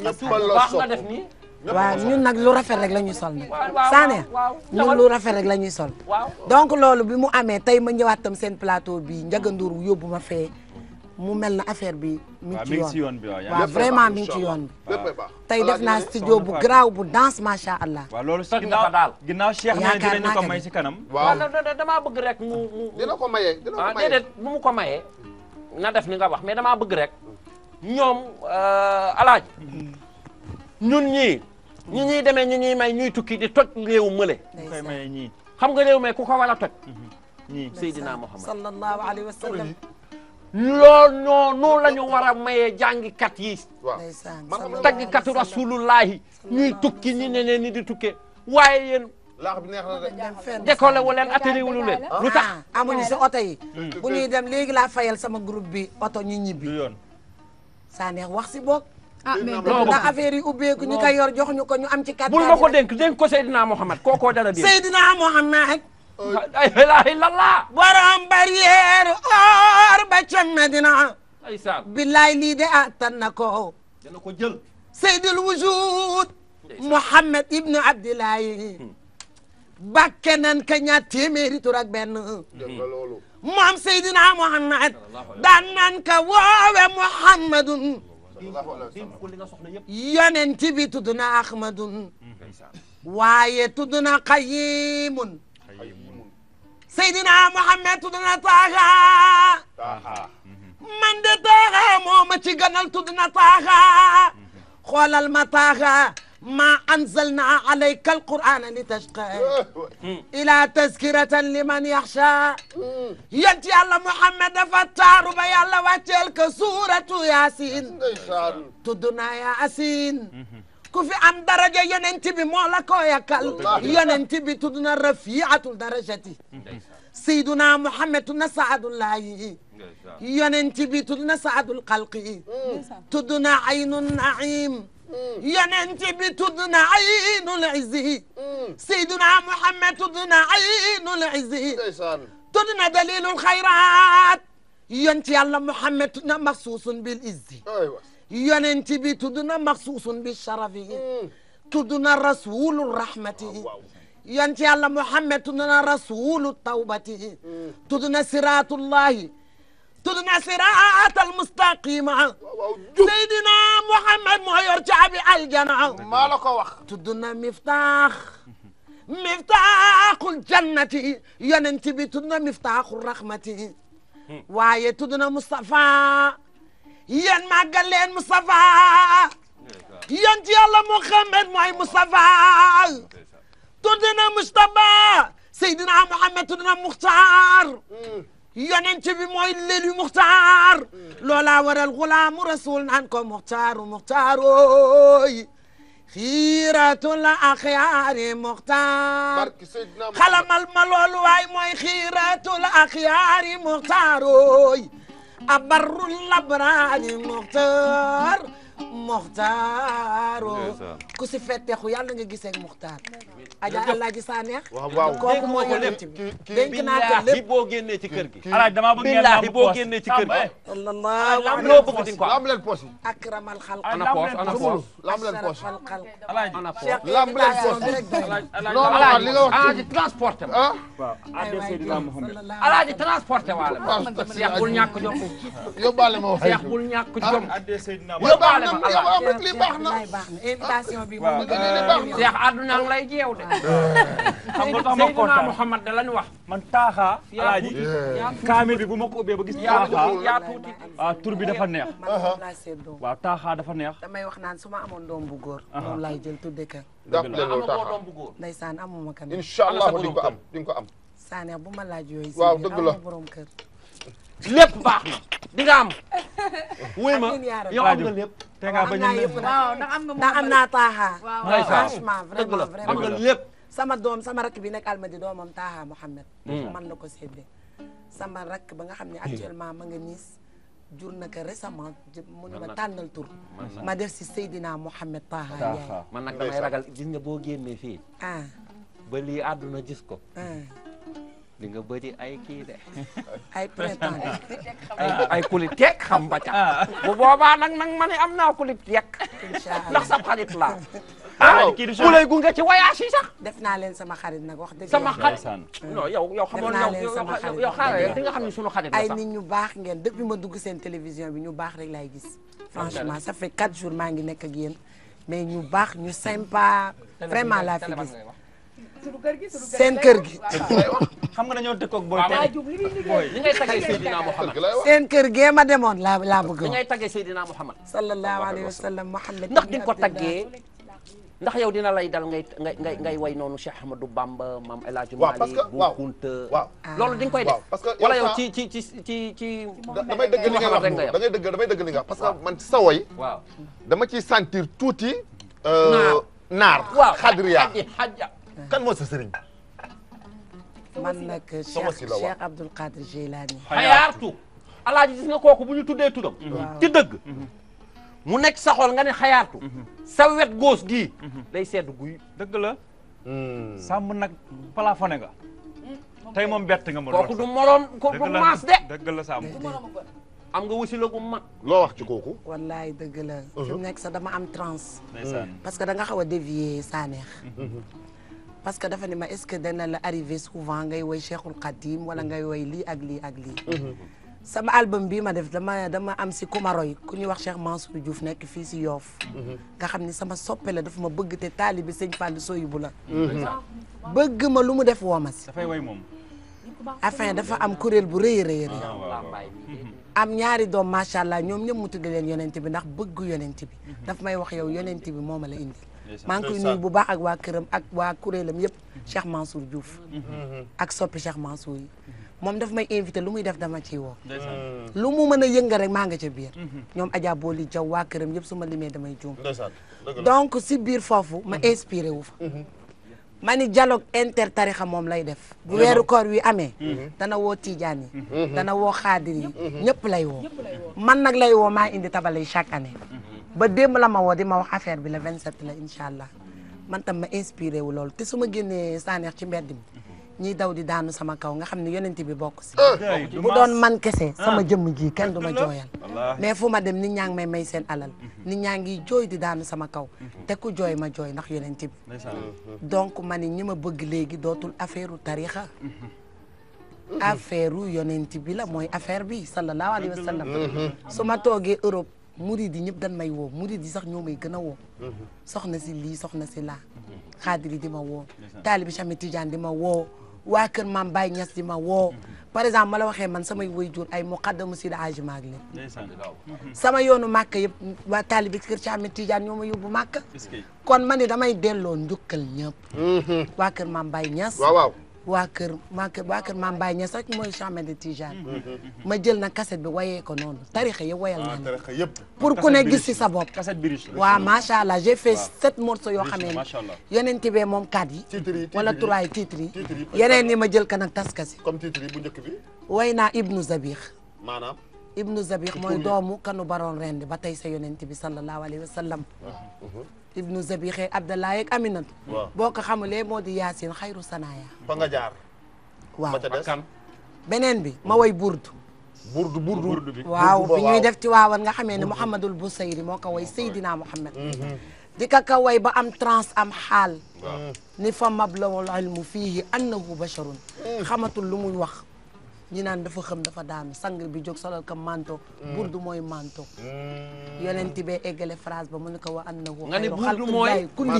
waaw ñun nag lu rafet rek la ñuy sol nag Sané rafet rek la ñuy sol donc loolu bi mu amee tey ma ñëwaat tam seen plateau bi Ndiaga Ndour yóbbu ma fee mu mel na affaire bi mi ngi ci yoon waaw vraiment mi ngi ci yoon bi tey naa studio bu garaaw bu danse macha allah waaw loolu si ginnaaw daal ginnaaw Cheikh na dinañu ko si kanam waaw damaa bëgg rek mu ah, ko mayee dina ko mayee déedéet def ni wax mais damaa bëgg rek ñoom euh, alaaji ñu ñii ñi ñuy demee ñu ñuy may ñuy tukki di toj réew mële xam nga réew mee ku ko war a toj mm-hmm. ñii Seydina Muhammad sallallahu alayhi wa sallam lool ñoo noonu la ñu war a mayee jàngikat yi taggkatu rasulullahi ñuy tukki ñi ne ne ni di tukkee waaye yéen laax bi neex na de décollé wu leen atterri wu ah. lu tax ah, amuñu si oto yi mm. bu ñuy dem léegi laa fayal sama groupe bi oto ñu ñibbi saa neex ah mais ndax affaire yi ubbeeku ñu koy yor jox ñu ko ñu am ci kàttan. Seydina Mohamed kookoo dara dégg. Seydina Mohamed. lii de attan na ko. dana ko jël. Seydil Wujud. Mohamed Ibnu Abdillahi. moom Seydina Mohamed. daan ka woowe Mohamedun. dénk li nga soxla yëpp yonent bi tudd na Ahmadun waaye tudd na Qayimun Seydina Mohamed tudd na Taaha man de Taaha moo ma ci gënal tudd na Taaha mhm. xoolal ma Taaha ما أنزلنا عليك القرآن لتشقى إلى تذكرة لمن يخشى yéen ci yàlla Muhammad dafa taaru ba yàlla wàcceel ko suuratu Yaasin tudd naa Yaasin ku fi am daraja yonent bi moo la ko yakkal yonent bi tudd na rafiatul darajati Seydina Muhammad tudd na Saadullahi yonent bi tudd na Saadul Xalqi tudd na Aynun Naim Mm. yonent bi tudd na aynul izzi mm. Seydina Muhammad tudd na aynul izzi tudd na dalilul xayraat yonent yàlla Muhammad tudd na maxsuusun bil izzi yonent bi tudd na maxsuusun bi sharafi mm. tudd na rasulu rahmati ah, yonent yàlla Muhammad tudd na rasulu tawbati tudd na siraatullahi tudna siraatal mustaqima seydina Muhammad moo yor caabi aljana maa la ko wax tudna miftaax miftaaxul jannati yonent bi tudna miftaaxul rahmati waaye tudna Mustafa yéen màggal leen Mustafa yonent yàlla Muhammad mooy Mustafa tudna Mustaba seydina Muhammad tudna Muxtaar yonent bi mooy lelu muxtaar loola waral xulaamu rasul naan ko muxtaaru muxtaarooy xiiratul axyaari muxtaar xalamal ma loolu waay mooy xiiratul axyaari muxtaarooy abarrul abraari muxtaar Moxtaaro oh. ku si fetteeku yàlla nga gisee ak Moxtaar. Aja Alaaji Saneex. Ah. waaw waaw kooku moo yonent bi dénk naa ko lépp boo génnee ci kër gi. alaaj damaa bëgg ngeen laamu boo génnee ci kër gi. Eh. loo bëgg di ko am. lamb leen poche yi. akramal xalq. ana poche ana poche. lamb leen poche alaaj ana poche. lamb leen poche. non alaaj li nga wax alaaji transporté ma. ah waaw. alaaji transporté waale ma. seex bul ñàkk jom. yóbbaale ma wax. seex bul ñàkk jom. Ah, yóbbaale ma allah lii baax na invitation bi moom Cheikh àdduna ngi lay jeew de. xam nga tax ma kontaan Seydina Mouhamad da lañu wax. man taaxaa. alaaji kaamil bi bu ma ko ubbee ba gis. taaxaa yaa tuuti waaw ah, tur bi dafa neex. waaw taaxaa dafa neex. damay wax naan su ma amoon doom bu góor. moom laay jël tudde kan. dàpp leen loolu taaxaa doom bu góor. ndeysaan amuma kan. incha allah di nga ko am di nga ko am. Sane bu ma laaj yooyu. waaw dëgg la borom kër. lépp baax na di nga am. wuy ma am nga lépp. te nga bañ a ndax am nga ndax am naa taaxaa. am nga lépp. sama doom sama rakk bi nekk Almadi doomam taaxaa Mouhamed. Mm. man la ko séddee. sama rakk ba nga xam ne actuellement ma nga niis. jur na ko récemment mu ne ma tànnal tur. ma def si Seydina Mouhamed Taaha Ndiaye. man nag damay ragal gis nga boo génnee fii. ah ba lii àdduna gis ko. Ah. di nga di ay kii de. ay prétendant ay ay kulit yekk xam ba ca. bu boobaa nag nag ma ne am naa kulit yekk. ndax sa xarit laa. ah ku lay gunge ci voyage yi def naa leen sama xarit nag wax dëgg sama xarit non yow yow xamoon yow yow xaaral di nga xam ne sunu xarit la sax. ay nit ñu baax ngeen depuis ma dugg seen télévision bi ñu baax rek laay gis. franchement sa fait 4 jours maa ngi nekk ak mais ñu baax ñu sympa vraiment laa fi gis. seen kër gi. xam nga dañoo dëkkoog booy tey li ngay tàggee Seydina Mouhamad. seen kër gee ma demoon laa laa bëgg li ngay tàggee Seydina Mouhamad. sallallahu alayhi wa sallam Muhammad ndax di nga ko tàggee. ndax yow dina lay dal ngay ngay ngay way noonu Cheikh Ahmadou Bamba maam El Hadj Mali bu Kunta loolu di nga koy def wala yow ci ci ci ci ci damay dëgg li nga wax da ngay dëgg damay dëgg li nga wax parce que man ci sa way waaw dama ciy sentir tuuti euh, naar naar kan moo sa sëriñ. man nag Cheikh Cheikh Abdoul Qadir Jilani. xayaartu alaaji gis nga kooku bu ñu tuddee turam. ci dëgg. Mhm. mu nekk sa xol nga ne xayaartu. Mhm. sa wet góos gi mhm. day sedd guy dëgg la. Hmm. sàmm nag plafonné nga. Hmm. tey moom bett nga ma kooku du moroom du maas de. dëgg la sàmm am nga wasila gu mag. loo wax ci kooku. wallaay dëgg la. Uh-huh. fi mu nekk sax dama am transe. parce que da nga xaw a dévier parce que dafa ne ma est-ce que dana la arrivé souvent ngay woy Cheikhul Khadim wala mm-hmm. ngay woy lii ak lii ak lii. Mm-hmm. sama album bii ma def dama dama am si ku ma roy ku ñuy wax Cheikh Mansour Diouf nekk fii si Yoff mm-hmm. nga xam ni sama soppe la dafa ma bëgg te taalibi sëñ Fallou Soyibou la. bëgg ma lu mu def woo ma si. dafay woy dafa am kuréel bu rëy rëy rëy ah, am ñaari doom macha allah ñoom ñëpp mu tudd leen yonent bi ndax bëgg yonent bi. daf may wax yow yonent bi moo ma la indi. maa ngi koy bu baax ak waa këram ak waa kuréelam yëpp Cheikh Mansour Diouf mm-hmm. ak soppi Cheikh Mansour yi moom daf may invité lu muy def dama ciy woo lu mu mën a yëngal rek maa nga ca biir mm-hmm. ñoom Adja Boli Diaw waa këram yëpp su ma limee damay juum donc si biir foofu ma mm-hmm. inspiré wu fa ma ni dialogue tarixa moom lay def bu weeru koor wi amee dana woo tijaan yi dana woo xaadir yi ñëpp lay woo man nag lay woo maa indi tabalay chaque année ba démb la ma woo ma wax affaire bi la 27 la incha allah man tam ma inspiré wu loolu te su ma génnee saaneex ci mbedd mi ñiy daw di daanu sama kaw nga xam ne yonent bi bokk si eh! bu doon man kese ah. sama jëmm ji kenn du ma jooyal mais fu ma dem ni ñaa ngi may may seen alal mhm. nit ñaa ngi jooy di daanu sama kaw mhm. te ku jooy ma jooy ndax yonent bi donc ma ni ñi ma bëgg léegi dootul affaire u tarixa mhm. affaire u yonent bi la mooy affaire bi sallallahu ma toogee Europe murid yi ñëpp dan may woo murid di sax ñoo may gën a woo mhm. soxna si lii soxna si laa mhm. xaadir di ma woo taalibi Cheikh Tidiane di ma woo waa kër maam Baye Niass di ma woo mhm. par exemple ma la waxee man samay waajur ay muqaddamu si da agi maag leen sama yoonu màkka yëpp waa taalibi kër Cheikh Tidiane ñoo ma yóbbu màkka kon man ni damay delloo njukkal ñëpp waa kër maam Baye Niass waa kër maa kër waa kër maam Baye Niass rek mooy Cheikh de Tijane. ma jël na kaset bi wayee ko noonu tarixa yëpp wayal naa ah, tarixa yëpp pour ku ne gis si sa bopp. kaset bi riche waaw macha allah j'ai fait sept morceaux yoo xamee ne yonenti bee moom quatre yi. wala trois yi titres ma jël ka nag taskasi. comme titres yi bu njëkk bi. way naa Ibnu Zabir. maanaam. mooy doomu kanu baroon rendi ba tey sa yonenti bi sallallahu alayhi wa sallam. Ah, uh-huh. ibnu Zabixe Abdalaay ak Aminatu. waaw boo ko xamulee moo di Yaasin xayru Sanaya. ba nga jaar. waaw beneen bi ma woy burdu. burdu burdu bi waaw bi ñuy def ci waawan nga xamee ne Mouhamadul Bousayri moo ko woy Seydina Mouhamad. Mm-hmm. di ka ka way ba am trans am xaal. ni fa mablawul ilmu fiihi annahu basharun mm. xamatul lu muy wax. ñi naan dafa xam dafa daanu sang bi jog solal ko manto mm. burdu mooy manto mm. yonenti bee eggale phrase ba mu ne ko wa an na wo nga ne burdu mooy kundi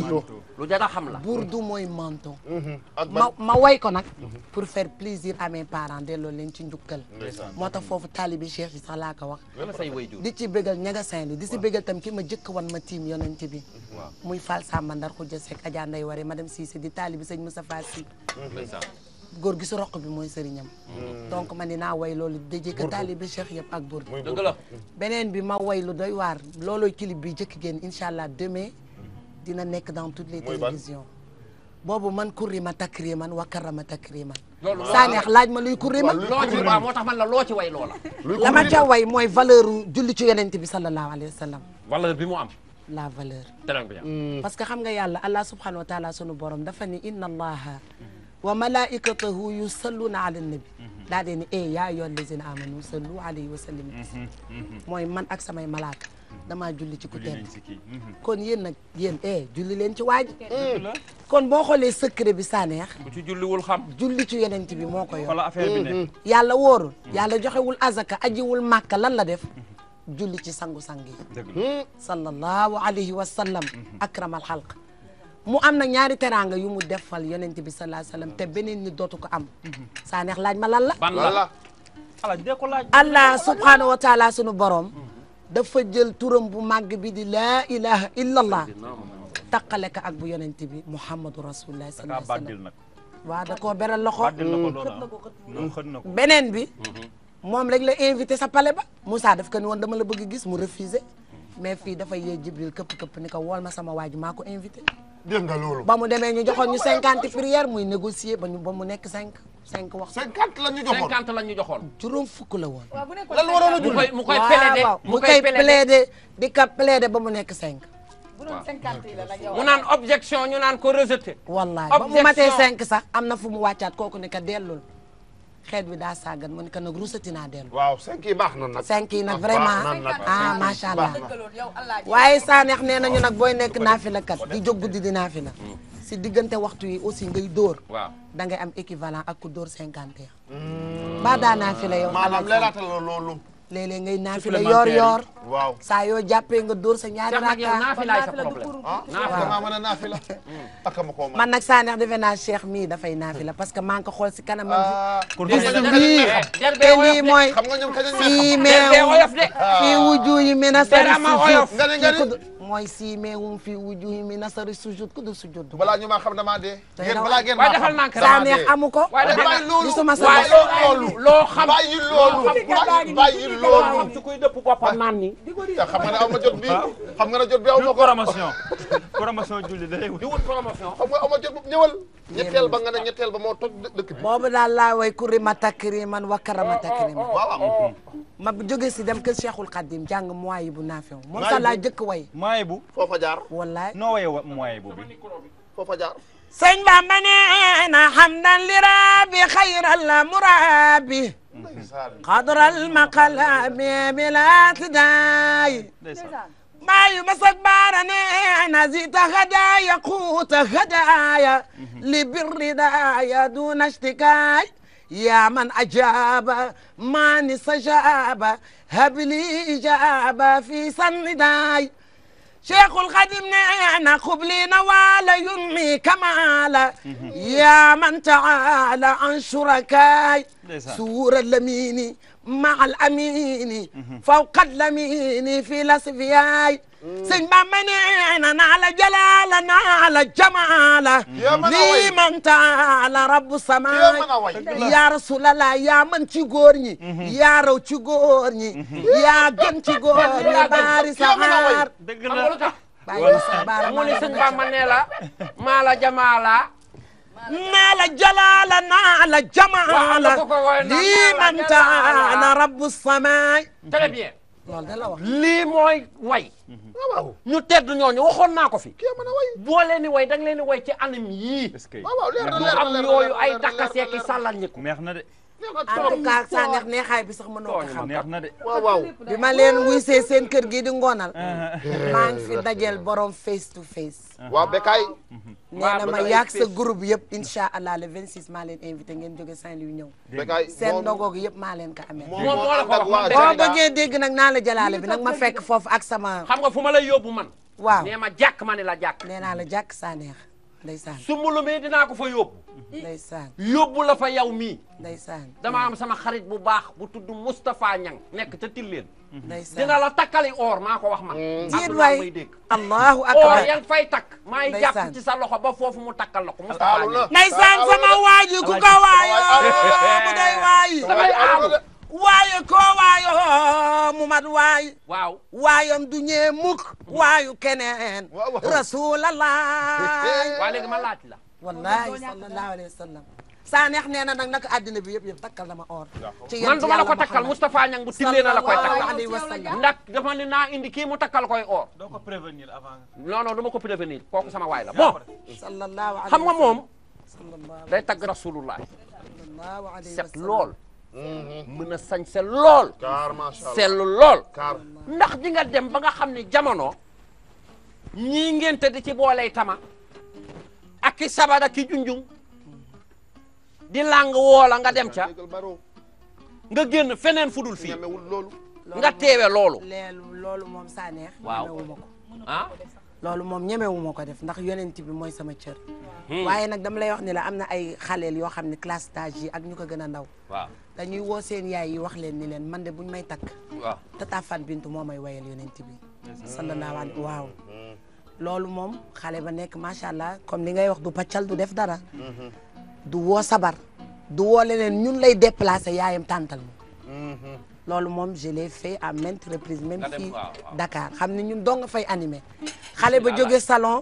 a xam la burdu mooy manto mm-hmm. ma ma way ko nag mm-hmm. pour faire plaisir à mes parents delloo leen ci njukkal moo tax foofu taalibi cheikh bi sax laa ko wax di ci bégal ña nga di si bégal tam ki ma jëkk wan ma tiim yonenti bi mm-hmm. muy fal sàmba ndar xujja seek Adja Ndeye Waré madame Cissé di taalibi sëñ Moussa Fassi góor gi su roq bi mooy sëriñam hmm. donc man dinaa naa loolu dajee ka taalibe Cheikh yëpp ak buur dëgg beneen bi ma way lu doy waar loolooy clip bi jëkk génn incha allah demain dina nekk dans toutes les télévisions boobu man kurri ma takkri man wakkara ma takkri man saaneex laaj ma luy kurri ma moo tax man la loo ci way loola la ma ca way mooy valeur julli ci yonent bi sallallahu alayhi wa sallam valeur bi mu am la valeur très hmm. que xam nga yàlla allah subhanahu wa taala sunu borom dafa ni inna allaha hmm. wa malaikatahu yusalluna ala nabi daa dee ni e yaa ayyuhal lazina amanu sallu alayhi wa sallimu mooy man ak samay malaaka damaa julli ci ku tedd mhm. kon yéen nag yéen e julli leen ci waaj kon boo xoolee secret bi sa neex ku ci julliwul xam julli ci yonent bi moo ko yor wala affaire bi mhm. ne yàlla wóorul mhm. yàlla joxewul azaka ajiwul màkka lan la def julli ci sangu-sang yi sallallahu alayhi wa sallam akramal xalq mu am na ñaari teraanga yu mu defal yonent bi sallallahu alayhi wasallam te beneen ñi dootu ko am mhm. saa laaj ma lan la ban la allah subhanahu wa taala sunu borom dafa jël turam bu màgg bi di laa ilaha illa allah ka ak bu yonent bi muhammadu rasulullah sallallahu alayhi wasallam waaw da koo beral loxo beneen bi mhm. moom lañ la invité sa palais ba Moussa def ko ni woon dama la bëgg gis mu refusé mais fii dafay yee Jibril këpp këpp ni ko wool ma sama waaju maa ko invité dégg nga loolu. ba mu demee ñu joxoon ñu cinquante prière muy négocier ba ñu ba mu nekk cinq cinq wax. cinquante la ñu joxoon cinquante la ñu joxoon. juróom fukk la woon. lan waroon a julli mu koy plaider mu koy plaider di ka ba mu nekk cinq. mu naan objection ñu naan ko rejeté. wallaay ba mu matee cinq sax am na fu mu wàccaat kooku ne ka dellul xeet bi daa sàggan mu ne que nag rusati naa dellu. waaw cinq yi baax na nag. cinq yi nag ah, vraiment ah macha allah. waaye Sanex nee nañu nag booy nekk naafila kat di jóg guddi di naafila. si diggante waxtu yi aussi ngay door waaw da ngay am équivalent ak ku door cinquante et un. mbaa daa léeg-léeg ngay naafila yoor yoor waaw saa yoo jàppee nga dóor sa ñaari rakka naafilaay sa problème ah, a naafila ak man nag saa neex defe naa cheikh mii dafay naafila parce que maa ngi ko xool si kana lii ah. te lii mooy fii meew fii wuju yi mena sari mooy siimeewum fi wujuhi mi nasari sujud ku du sujud balaa ñu ma xam damaa dee yéen balaa ngeen waaye defal nànk saa neex amu ko waaye loolu suma sa waaye loolu loo xam bàyyi loolu bàyyi loolu su koy dëpp boppam naan ni xam nga ne aw ma jot bi xam nga ne jot bi aw ma ko promotion promotion julli da di wut promotion xam nga aw ma jot bu ñëwal ñetteel ba nga ne ñetteel ba moo toj dëkk bi. boobu daal laa way kurima takriman wa karama oh, oh, takriman. waaw oh, ma jóge si dem kër Cheikhul Khadim jàng mooy bu naafew. moom sax laa jëkk way. mooy bu foofa jaar. wallaay noo waye mooy bu bi foofa jaar. sëñ Bamba nee na hamdan li rabbi xayral murabi qadral maqalami bila tidaay baayu masak baara nee na zita hadaaya quuta hadaaya mhm. li birridaaya duuna shtikaay yaa man ajaaba maani sajaaba habli ijaaba fi sannidaay Cheikhul Khadim nee na xubli na waala yummi kamaala mhm. yaa man taala an shurakaay suura lamini maxal amini mhm. faw kat lamini fii la si fiyaay mm. sëñ Bamba nee na naa la jalaala naa la jamaala lii man taala rabbu samaay yaa rasulallah yaa man ci góor ñi mhm. yaa raw ci góor ñi mhm. yaa gën ci góor ñi baari saxaar dëgg la baari saxaar mu ni sëñ Bamba nee la maa la jamaala naala jalaala naala jamaala lii man taana rabbu samaay lii mooy way nu ah, ñu tedd ñooñu waxoon naa ko fi boo leen di way da nga leen di way ci anam yii du ah, am yooyu ay dakkaseeki sàllal ñi ko na aa tout cas sànneex neexaay bi sax mënoo ko xam na de bi ma leen wuysee seen kër gi di ngoonal maa ngi fi dajeel borom face to face waaw Bécaye nee na ma yaag sa groupe yëpp incha allah le 26 maa leen invité ngeen jóge Saint-Louis ñëw Bécaye seen ndogoog yëpp maa leen ko amee moom moo la ko wax boo bëggee dégg nag naa la jalaale bi nag ma fekk foofu ak sama xam nga fu ma lay yóbbu man waaw nee ma jàkk ma ne la jàkk nee naa jàkk saa ndeysaan su ma la dinaa ko fa yóbbu ndeysaan yóbbu la fa yow mii ndeysaan dama am sama xarit bu baax bu tudd Moustapha Ñang nekk ca Tilleen ndeysaan dina la takkali or maa ko wax ma jiit waay may dégg allahu akbar or yang fay takk maay jàpp ci sa loxo ba foofu mu takkal la ko Moustapha Ñang ndeysaan sama waaji ku ko waayo bu day waayi waaye koo waayo mu mat waay waaw waayam du ñee mukk waayu keneen rasulallah waaw léegi ma laaj la wallahi sallallahu alayhi wa sallam saa neex nee na nag àddina bi yëpp yëpp takkal na ma or ci man du ma la ko takkal Moustapha Niang bu tillee na takkal ndax dafa ne naa indi kii mu takkal koy or doo ko prévenir avant non non du ma ko kooku sama waay la bon sallallahu alayhi xam nga moom day tagg rasulullah set lool Mm-hmm. mën a sañse lool sellu lool ndax di nga dem ba nga xam ne jamono ñii ngente di ci booley tama ak ki sabara ki junjung di làng woola nga dem ca nga génn feneen fu fudul fii nga teewe loolu loolu moom saa neex waaw ah loolu moom ñemewu ma ko def ndax yonent bi mooy sama cër hmm. waaye nag dama lay wax ni la am na ay xaleel yoo xam ne classe d'âge yi ak ñu ko gën a ndaw dañuy woo seen yaay yi wax leen ni leen man de bu ñu may takk. waaw tata Fat Bintu moo may wayal yonent bi. sallallahu alayhi mm-hmm. waaw. loolu moom xale ba nekk macha allah comme li ngay wax du paccal du def dara. Mm-hmm. du woo sabar. du woo leen ñun lay déplacé yaayam tàntal mu. Mm-hmm. loolu moom je l'ai fait à maintes reprises même fii Dakar xam ne ñun dong fay anime xale ba jóge salon.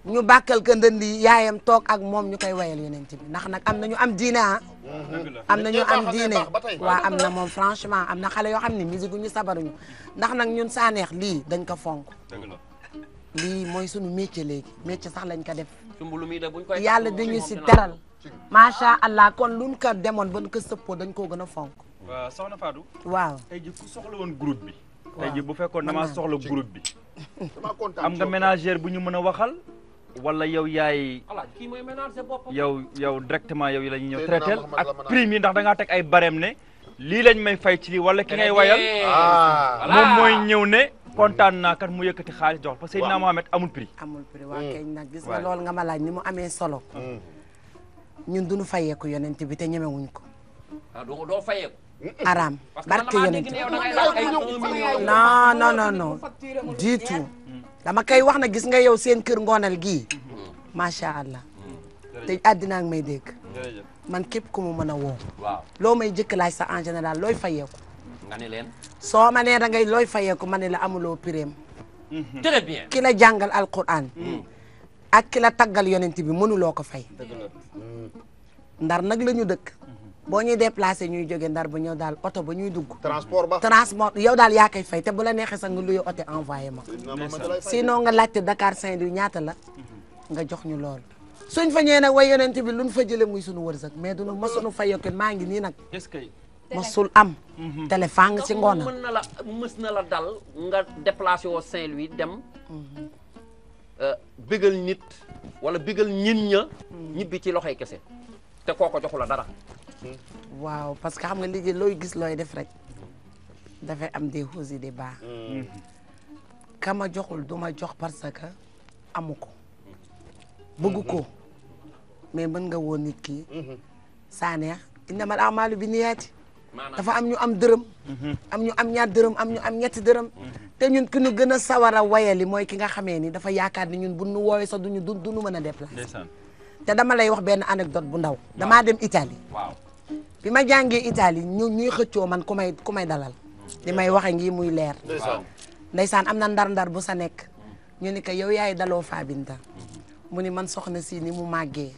ñu bàkkal ka ndënd yi yaayam toog ak moom ñu koy wayal yonent bi ndax nag am na ñu am diine ah. am na ñu am diine waa am na moom franchement am na xale yoo xam ne musique ñu sabaruñu ndax nag ñun saaneex lii dañ ko fonk lii mooy sunu métier léegi métier sax lañ ko def yàlla dañu si teral macha allah kon luñ ka demoon ba ñu ko sëppoo dañ koo gën a fonk waaw soxna waaw tey ji ku soxla woon groupe bi tey ji bu fekkoon damaa soxla groupe bi am nga ménagère bu ñu mën a waxal wala yow yaay yow yow directement yow yi la ñuy ñëw traité ak prime yi ndax da teg ay barème ne lii lañ may fay ci lii wala ki ngay wayal ah. moom mooy ñëw ne kontaan naa kat mu yëkkati xaalis jox parce que Seydina Mohamed amul prix amul prix waa hmm. keñ nag gis nga loolu nga ma laaj ni mu amee solo hmm. ñun duñu fayeeku yonent bi te wuñ ko ah, doo fayeeku hmm. araam barke yonent non non non non du dama koy wax na gis nga yow seen kër ngoonal gii macha allah mm-hmm. te àddina ak may dégg man képp ku mu mën a woo loo may jëkk laaj sa en général looy fayeeku nga ne leen soo ma nee da ngay looy fayeeku ma ne la amuloo pireem mm-hmm. très bien ki la jàngal alquran mm-hmm. ak ki la taggal yonent bi mënuloo ko fay ndar nag la ñu dëkk boo ñuy déplacé ñuy jóge ndar ba ñëw daal oto ba ñuy dugg. transport ba transport yow daal yaa koy fay te bu la neexee sax nga luye oto envoyé ma. sinon nga laajte Dakar Saint-Louis ñaata la. nga jox ñu lool. suñ fa ñëwee nag way yonent bi luñ fa jëlee muy sunu wërsëg mais dunu ma suñu fay yokkin maa ngi nii nag. est-ce que mosul am. Mhm. téléphone nga ci ngoonam mën na la mës na la dal nga déplacé woo Saint-Louis dem. Mhm. Euh, bégal nit wala bégal ñin ña. Mhm. ñibbi ci loxoy kese te kooko joxu la dara. waaw parce que xam nga liggéey looy gis looy def rek dafay am des hauts et des bas. Mm. kama joxul du ma jox parce que amu ko. bëgg ko mm-hmm. mais mën nga woo nit ki. saa mm-hmm. neex innamal a'maalu binniyaati dafa am ñu am dërëm. Mm-hmm. am ñu am ñaar dërëm am ñu am ñetti dërëm. te ñun ki ñu gën a sawar a wayali mooy ki nga xamee ni dafa yaakaar ni ñun bu nu woowee sax duñu du duñu mën a déplacé. te dama lay wax benn anecdote bu ndaw. damaa dem Italie. bi ma jàngee Italie ñu ñuy xëccoo man ku may ku may dalal di may waxe ngi muy leer ndeysaan am na ndar-ndar bu sa nekk ñu ni ko yow yaay daloo Fabinta mhm. mu ni man soxna si ni mu màggee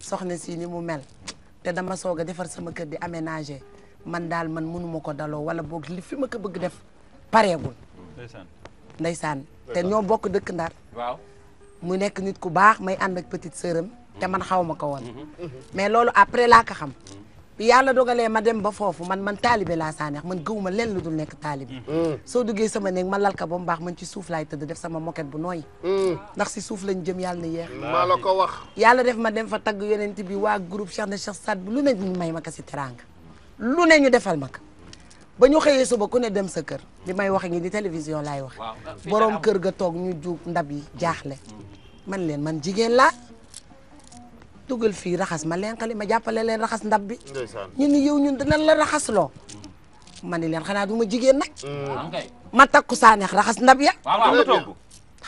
soxna si ni mu mel te dama soog a defar sama kër di aménager man daal man mënuma ko daloo wala boog li fi ma bëgg def pareegul ndeysaan te ñoo bokk dëkk ndar mu nekk nit ku baax may ànd ak petite sœuram te man mhm. xaw ma ko woon mhm. mais loolu après laa ko xam yàlla dogalee ma dem ba foofu man man taalibe laa saaneex man gëwuma leen lu dul nekk taalibe mm. Mm. soo duggee sama néeg ma lal ka ba mu baax man ci suuf laay tëdd def sama moket bu nooy mm. ndax si suuf lañ jëm yàlla na yeex maa la ko wax yàlla def ma dem fa tagg yonent bi waa groupe Cheikh na Cheikh Saad bu lu ne ñu may ma ka si teranga lu ne ñu defal ma ko ba ñu xëyee suba ku ne dem sa kër li may wax ngi ni télévision laay wax boroom kër ga toog ñu juug ndab yi jaaxle dugal fii raxas ma lenkali ma jàppale leen raxas ndab bi. ñu ni yow ñun dinañ la raxasloo. ma ni leen xanaa du ma jigéen nag. Mm. ma takku saa raxas ndab ya. waaw waaw nga togg.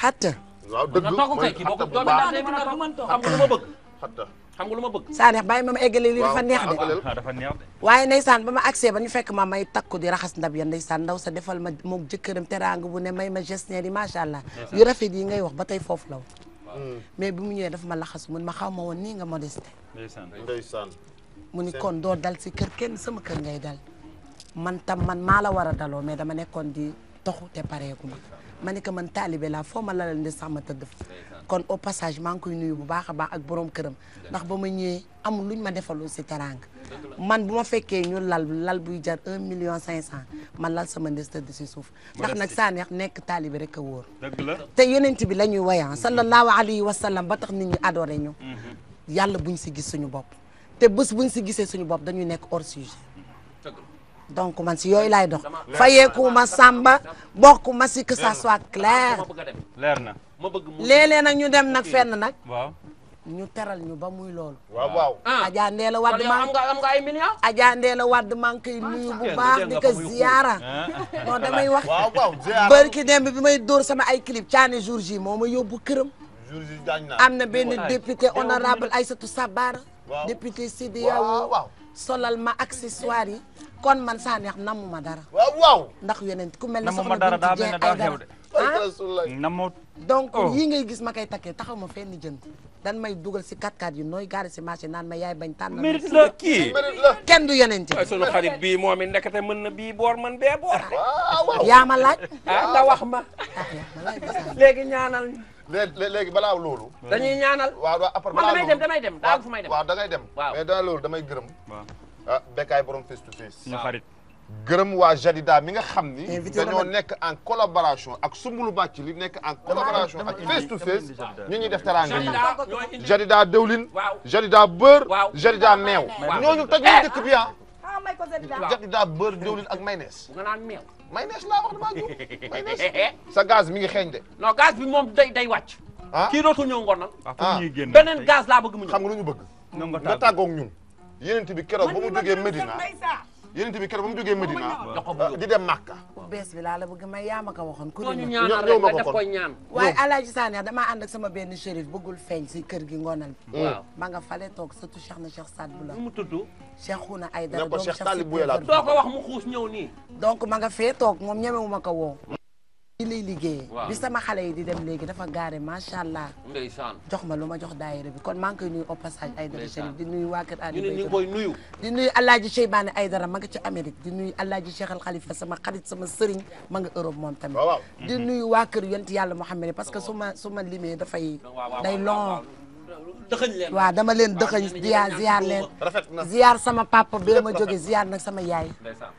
xatta. waaw dëgg xam nga lu ma bëgg. xatta xam nga lu ma bëgg. ma ma eggalee li ah, dafa neex de. dafa neex de. ba ma agsee ba ñu fekk ma may di raxas ndab ya ndeysaan ndaw sa defal ma moog jëkkëram teraanga bu ne may ma gestionnaire yi macha allah yu rafet yi ngay wax ba tey foofu la woon Mm. mais bu mu ñëwee dafa ma laxas mun ma xaw ma woon nii nga modeste ndeysaan mu ni kon doo dal si kër kenn sama kër ngay dal man tam man maa la war a daloo mais dama nekkoon di toxu te pareegu ma ma ni que man taalibe laa foo ma lalal ndi sax ma tëdd fa kon o passage maa ngi koy nuyu bu baax a baax ak borom këram ndax ba ma ñëwee lu luñ ma defalul si teraanga man bu ma fekkee ñu lal lal buy jar un million cinq cent man lal sama ndës si suuf ndax nag saa neex nekk taalibi rek a wóor te yonent bi la ñuy woyan ah, sallallahu alayhi wa sallam ba tax nit ñi adoré ñu mhm. yàlla buñ si gis suñu bopp te bés buñ si gisee suñu bopp dañuy nekk hors sujet donc man si yooyu laay dox fayeeku ma sàmba bokk ma si que ça soit clair na ma bëgg mu léeg-léeg nag ñu dem nag fenn nag. waaw ñu teral ñu ba muy loolu. waaw waaw ah. ah. Adja Ndéla Wade maa am nga am nga ay millions. Adja Ndéla Wade maa ngi koy nuyu bu baax di ko ziyaara. non ah. wax. waaw waaw bi may dóor sama ay clip caani jour ji moo ma yóbbu këram. am na benn député honorable Aïssatou Sabara. waaw député Sidiya waaw solal ma accessoire yi kon man saa neex namuma dara. waaw waaw ndax ku mel ne soxna Bintu Dieng ay dara ah? namuma donc oh. yii ngay gis ma koy takkee taxaw ma fenn jënd dan may dugal si 4x4 nooy gaari si marché naan ma yaay bañ taan mérite kii kenn du yeneen ci. sunu xarit bii moom it ndekete mën na bii boor man bee boor. Ah, ah. yaa ma laaj. ah wax ma. léegi ñaanal. léegi balaa loolu. dañuy ñaanal. waaw waaw après balaa loolu man damay dem damay dem. daa fu may dem waaw da ngay dem. mais daa damay gërëm. waaw ah Bécaye borom face gërëm waa Jadida mi nga xam ni. dañoo nekk en collaboration ak Soumboulou Bàcc li nekk en collaboration ak face to face ñuy def teraanga yi Jadida dëwlin. Jadida beurre. Jadida meew. ñooñu toj ñu dëkk bi ah. Jadida beurre dëwlin ak nga naan meew. mayonnaise laa wax damaa sa gaz mi ngi xeeñ de. non gaz bi moom day day wàcc. ah kii dootul ñëw ngoon nag. beneen gaz laa bëgg mu ñëw. xam nga lu ñu bëgg. nga tàggoog ñun. yeneen bi keroog ba mu jógee yonent bi keroog ba mu jógee Medina di dem Makka. bees bi laa la bëgg may yaa ma ko waxoon. a ñu ñaanal rek daf koy ñaan. waaye Alaaji Sané damaa ànd ak sama benn shérif bëggul feeñ si kër gi ngoonal. Mm. waaw ma nga fale toog surtout Cheikh na Cheikh Saad Bou la. nu mu tudd. Cheikh Ouna Aïdara doomu Cheikh Talib Bouye la. doo ko mu xuus ñëw nii. donc ma nga fee toog moom ñemewu ma ko woo. li lay liggéeyee bi sama xale yi di dem léegi dafa gaare macha allah ndeysaan jox ma lu ma jox daayira bi kon maa ngi koy nuyu au passage Aïdara Chérif di nuyu waa kër Ali ñu ne ñu koy nuyu di nuyu Alaaji Cheybane ma nga ci Amérique di nuyu Alaaji Cheikh Al Khalifa sama xarit sama sëriñ ma nga Europe moom tamit di nuyu waa kër yonent yàlla Muhammad parce que su su ma limee dafay day long waaw dama leen dëxëñ ziyaar ziyaar leen ziyaar sama papa bi ma jóge ziyaar nag sama yaay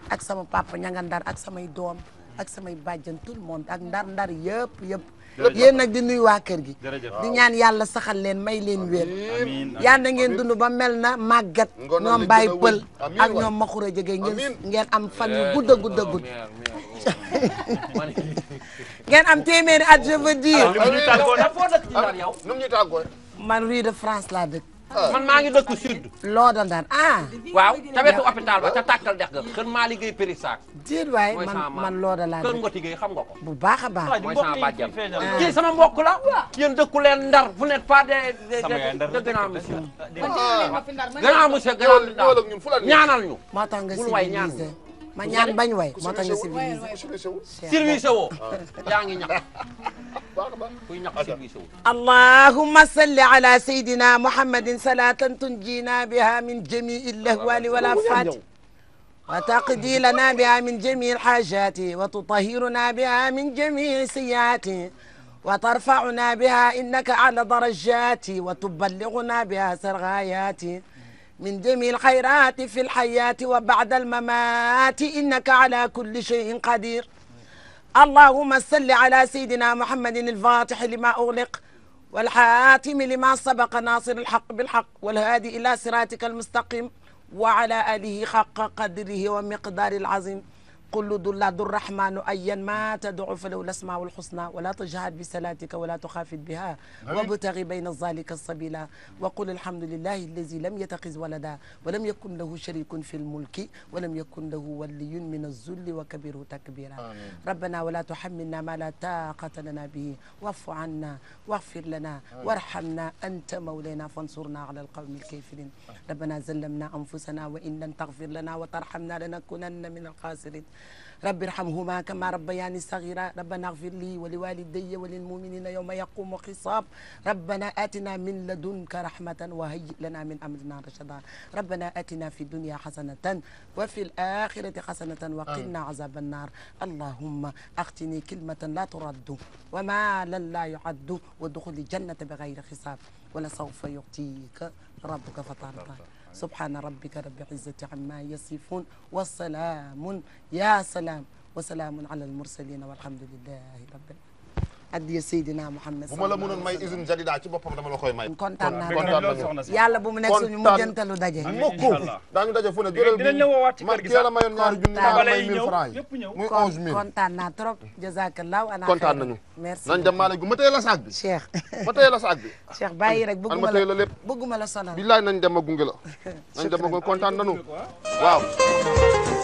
ak sama papa ñanga ak samay doom ak samay bàjjan tout le monde ak ndar ndar yëpp yëpp yéen nag di nuyu waa kër gi di ñaan yàlla saxal leen may leen wér yal ngeen dund ba mel na màggat ñoom bàyyi pël ak ñoom maxura jege ngeen am fan yu gudda eh, gudda gudd ngeen am téeméeri at je dire ah, ah, ah, man rue de France laa dëkk Euh, man maa ngi dëkk sud. loo doon daan ah. waaw ca wetu hôpital ba ca tàkkal dex ga. kër maa liggéey périssac. diir waay man man loo da laa kër ngoti gay xam nga ko. bu baax a baax mooy sama bàjjan kii ah. sama mbokk la. yéen dëkku leen ndar vous n'êtes pas des des des grands monsieur. Ah. grand monsieur grand ñaanal ñu. maa tax nga civilisé bul way ñaan. ma ñaan bañ way moo tax nga civilisé wu civilisé woo yaa ngi ñaq kuy ñaq civilisé wu allahumma salli ala sayidina muhammadin salatan tunjina biha min jamii lahwali wal afati وتقضي لنا بها من جميع الحاجات وتطهرنا بها من جميع السيئات وترفعنا بها إنك على درجات وتبلغنا بها سرغايات min jami alxayrati fi lxayati wa bada almamati innaka ala kulli cheyin qadir allahuma salli ala sayidina muhammadin alfatixi lima ugliq walxatimi lima sabaqa nasir alxaq bilxaq walhaadi ila siratika almustaqim wa ala alihi xaqa qadrihi wa miqdaari alazim يقول ذلاد الرحمن أيا ما تدعو فله الأسماء الحسنى ولا تجهر بصلاتك ولا تخافت بها وابتغ بين ذلك السبيلا وقل الحمد لله الذي لم يتخذ ولدا ولم يكن له شريك في الملك ولم يكن له ولي من الذل وكبره تكبيرا ربنا ولا تحملنا ما لا طاقة لنا به واعف عنا واغفر لنا وارحمنا أنت مولانا فانصرنا على القوم الكافرين ربنا زلمنا أنفسنا وإن لم تغفر لنا وترحمنا لنكونن من الخاسرين rabbi irhamhuma kama rabbayani saghira rabbana ighfir li wa liwalidayya wa lilmuminina yawma yaqumu hisab rabbana atina min ladunka rahmatan wa hayyi lana min amrina rashada rabbana atina fi dunya hasanatan wa fi alakhirati hasanatan wa qina azaba annar allahumma akhtini kalimatan la turaddu wa malan la yuaddu wa dukhuli jannata bighayri hisab wa la sawfa yu'tika rabbuka fatarda subhaana rabbika rabbil izzati amma yasifun wa salaamun ya salaam wa salaamun ala al mursalin walhamdulillahi rabbil alamin addiya Seydina Muhammad bu ma la mënoon may usine jadida ci boppam dama la koy may kontaan naa yàlla bu mu nekk suñu mujjantalu daje mukku daañu daje fu ne man kii la mayoon ñaari junni naa may mille francs yi muy onze mille kontaan naa trop jazakallahu ana kontaan nañu merci nañ dem maale gu ma tey la saag bi cheikh ma tey la saag bi cheikh bàyyi rek bëgguma la lépp bëgguma la sonal billaay nañ dem a gunge la nañ dem a gunge kontaan nañu ah. waaw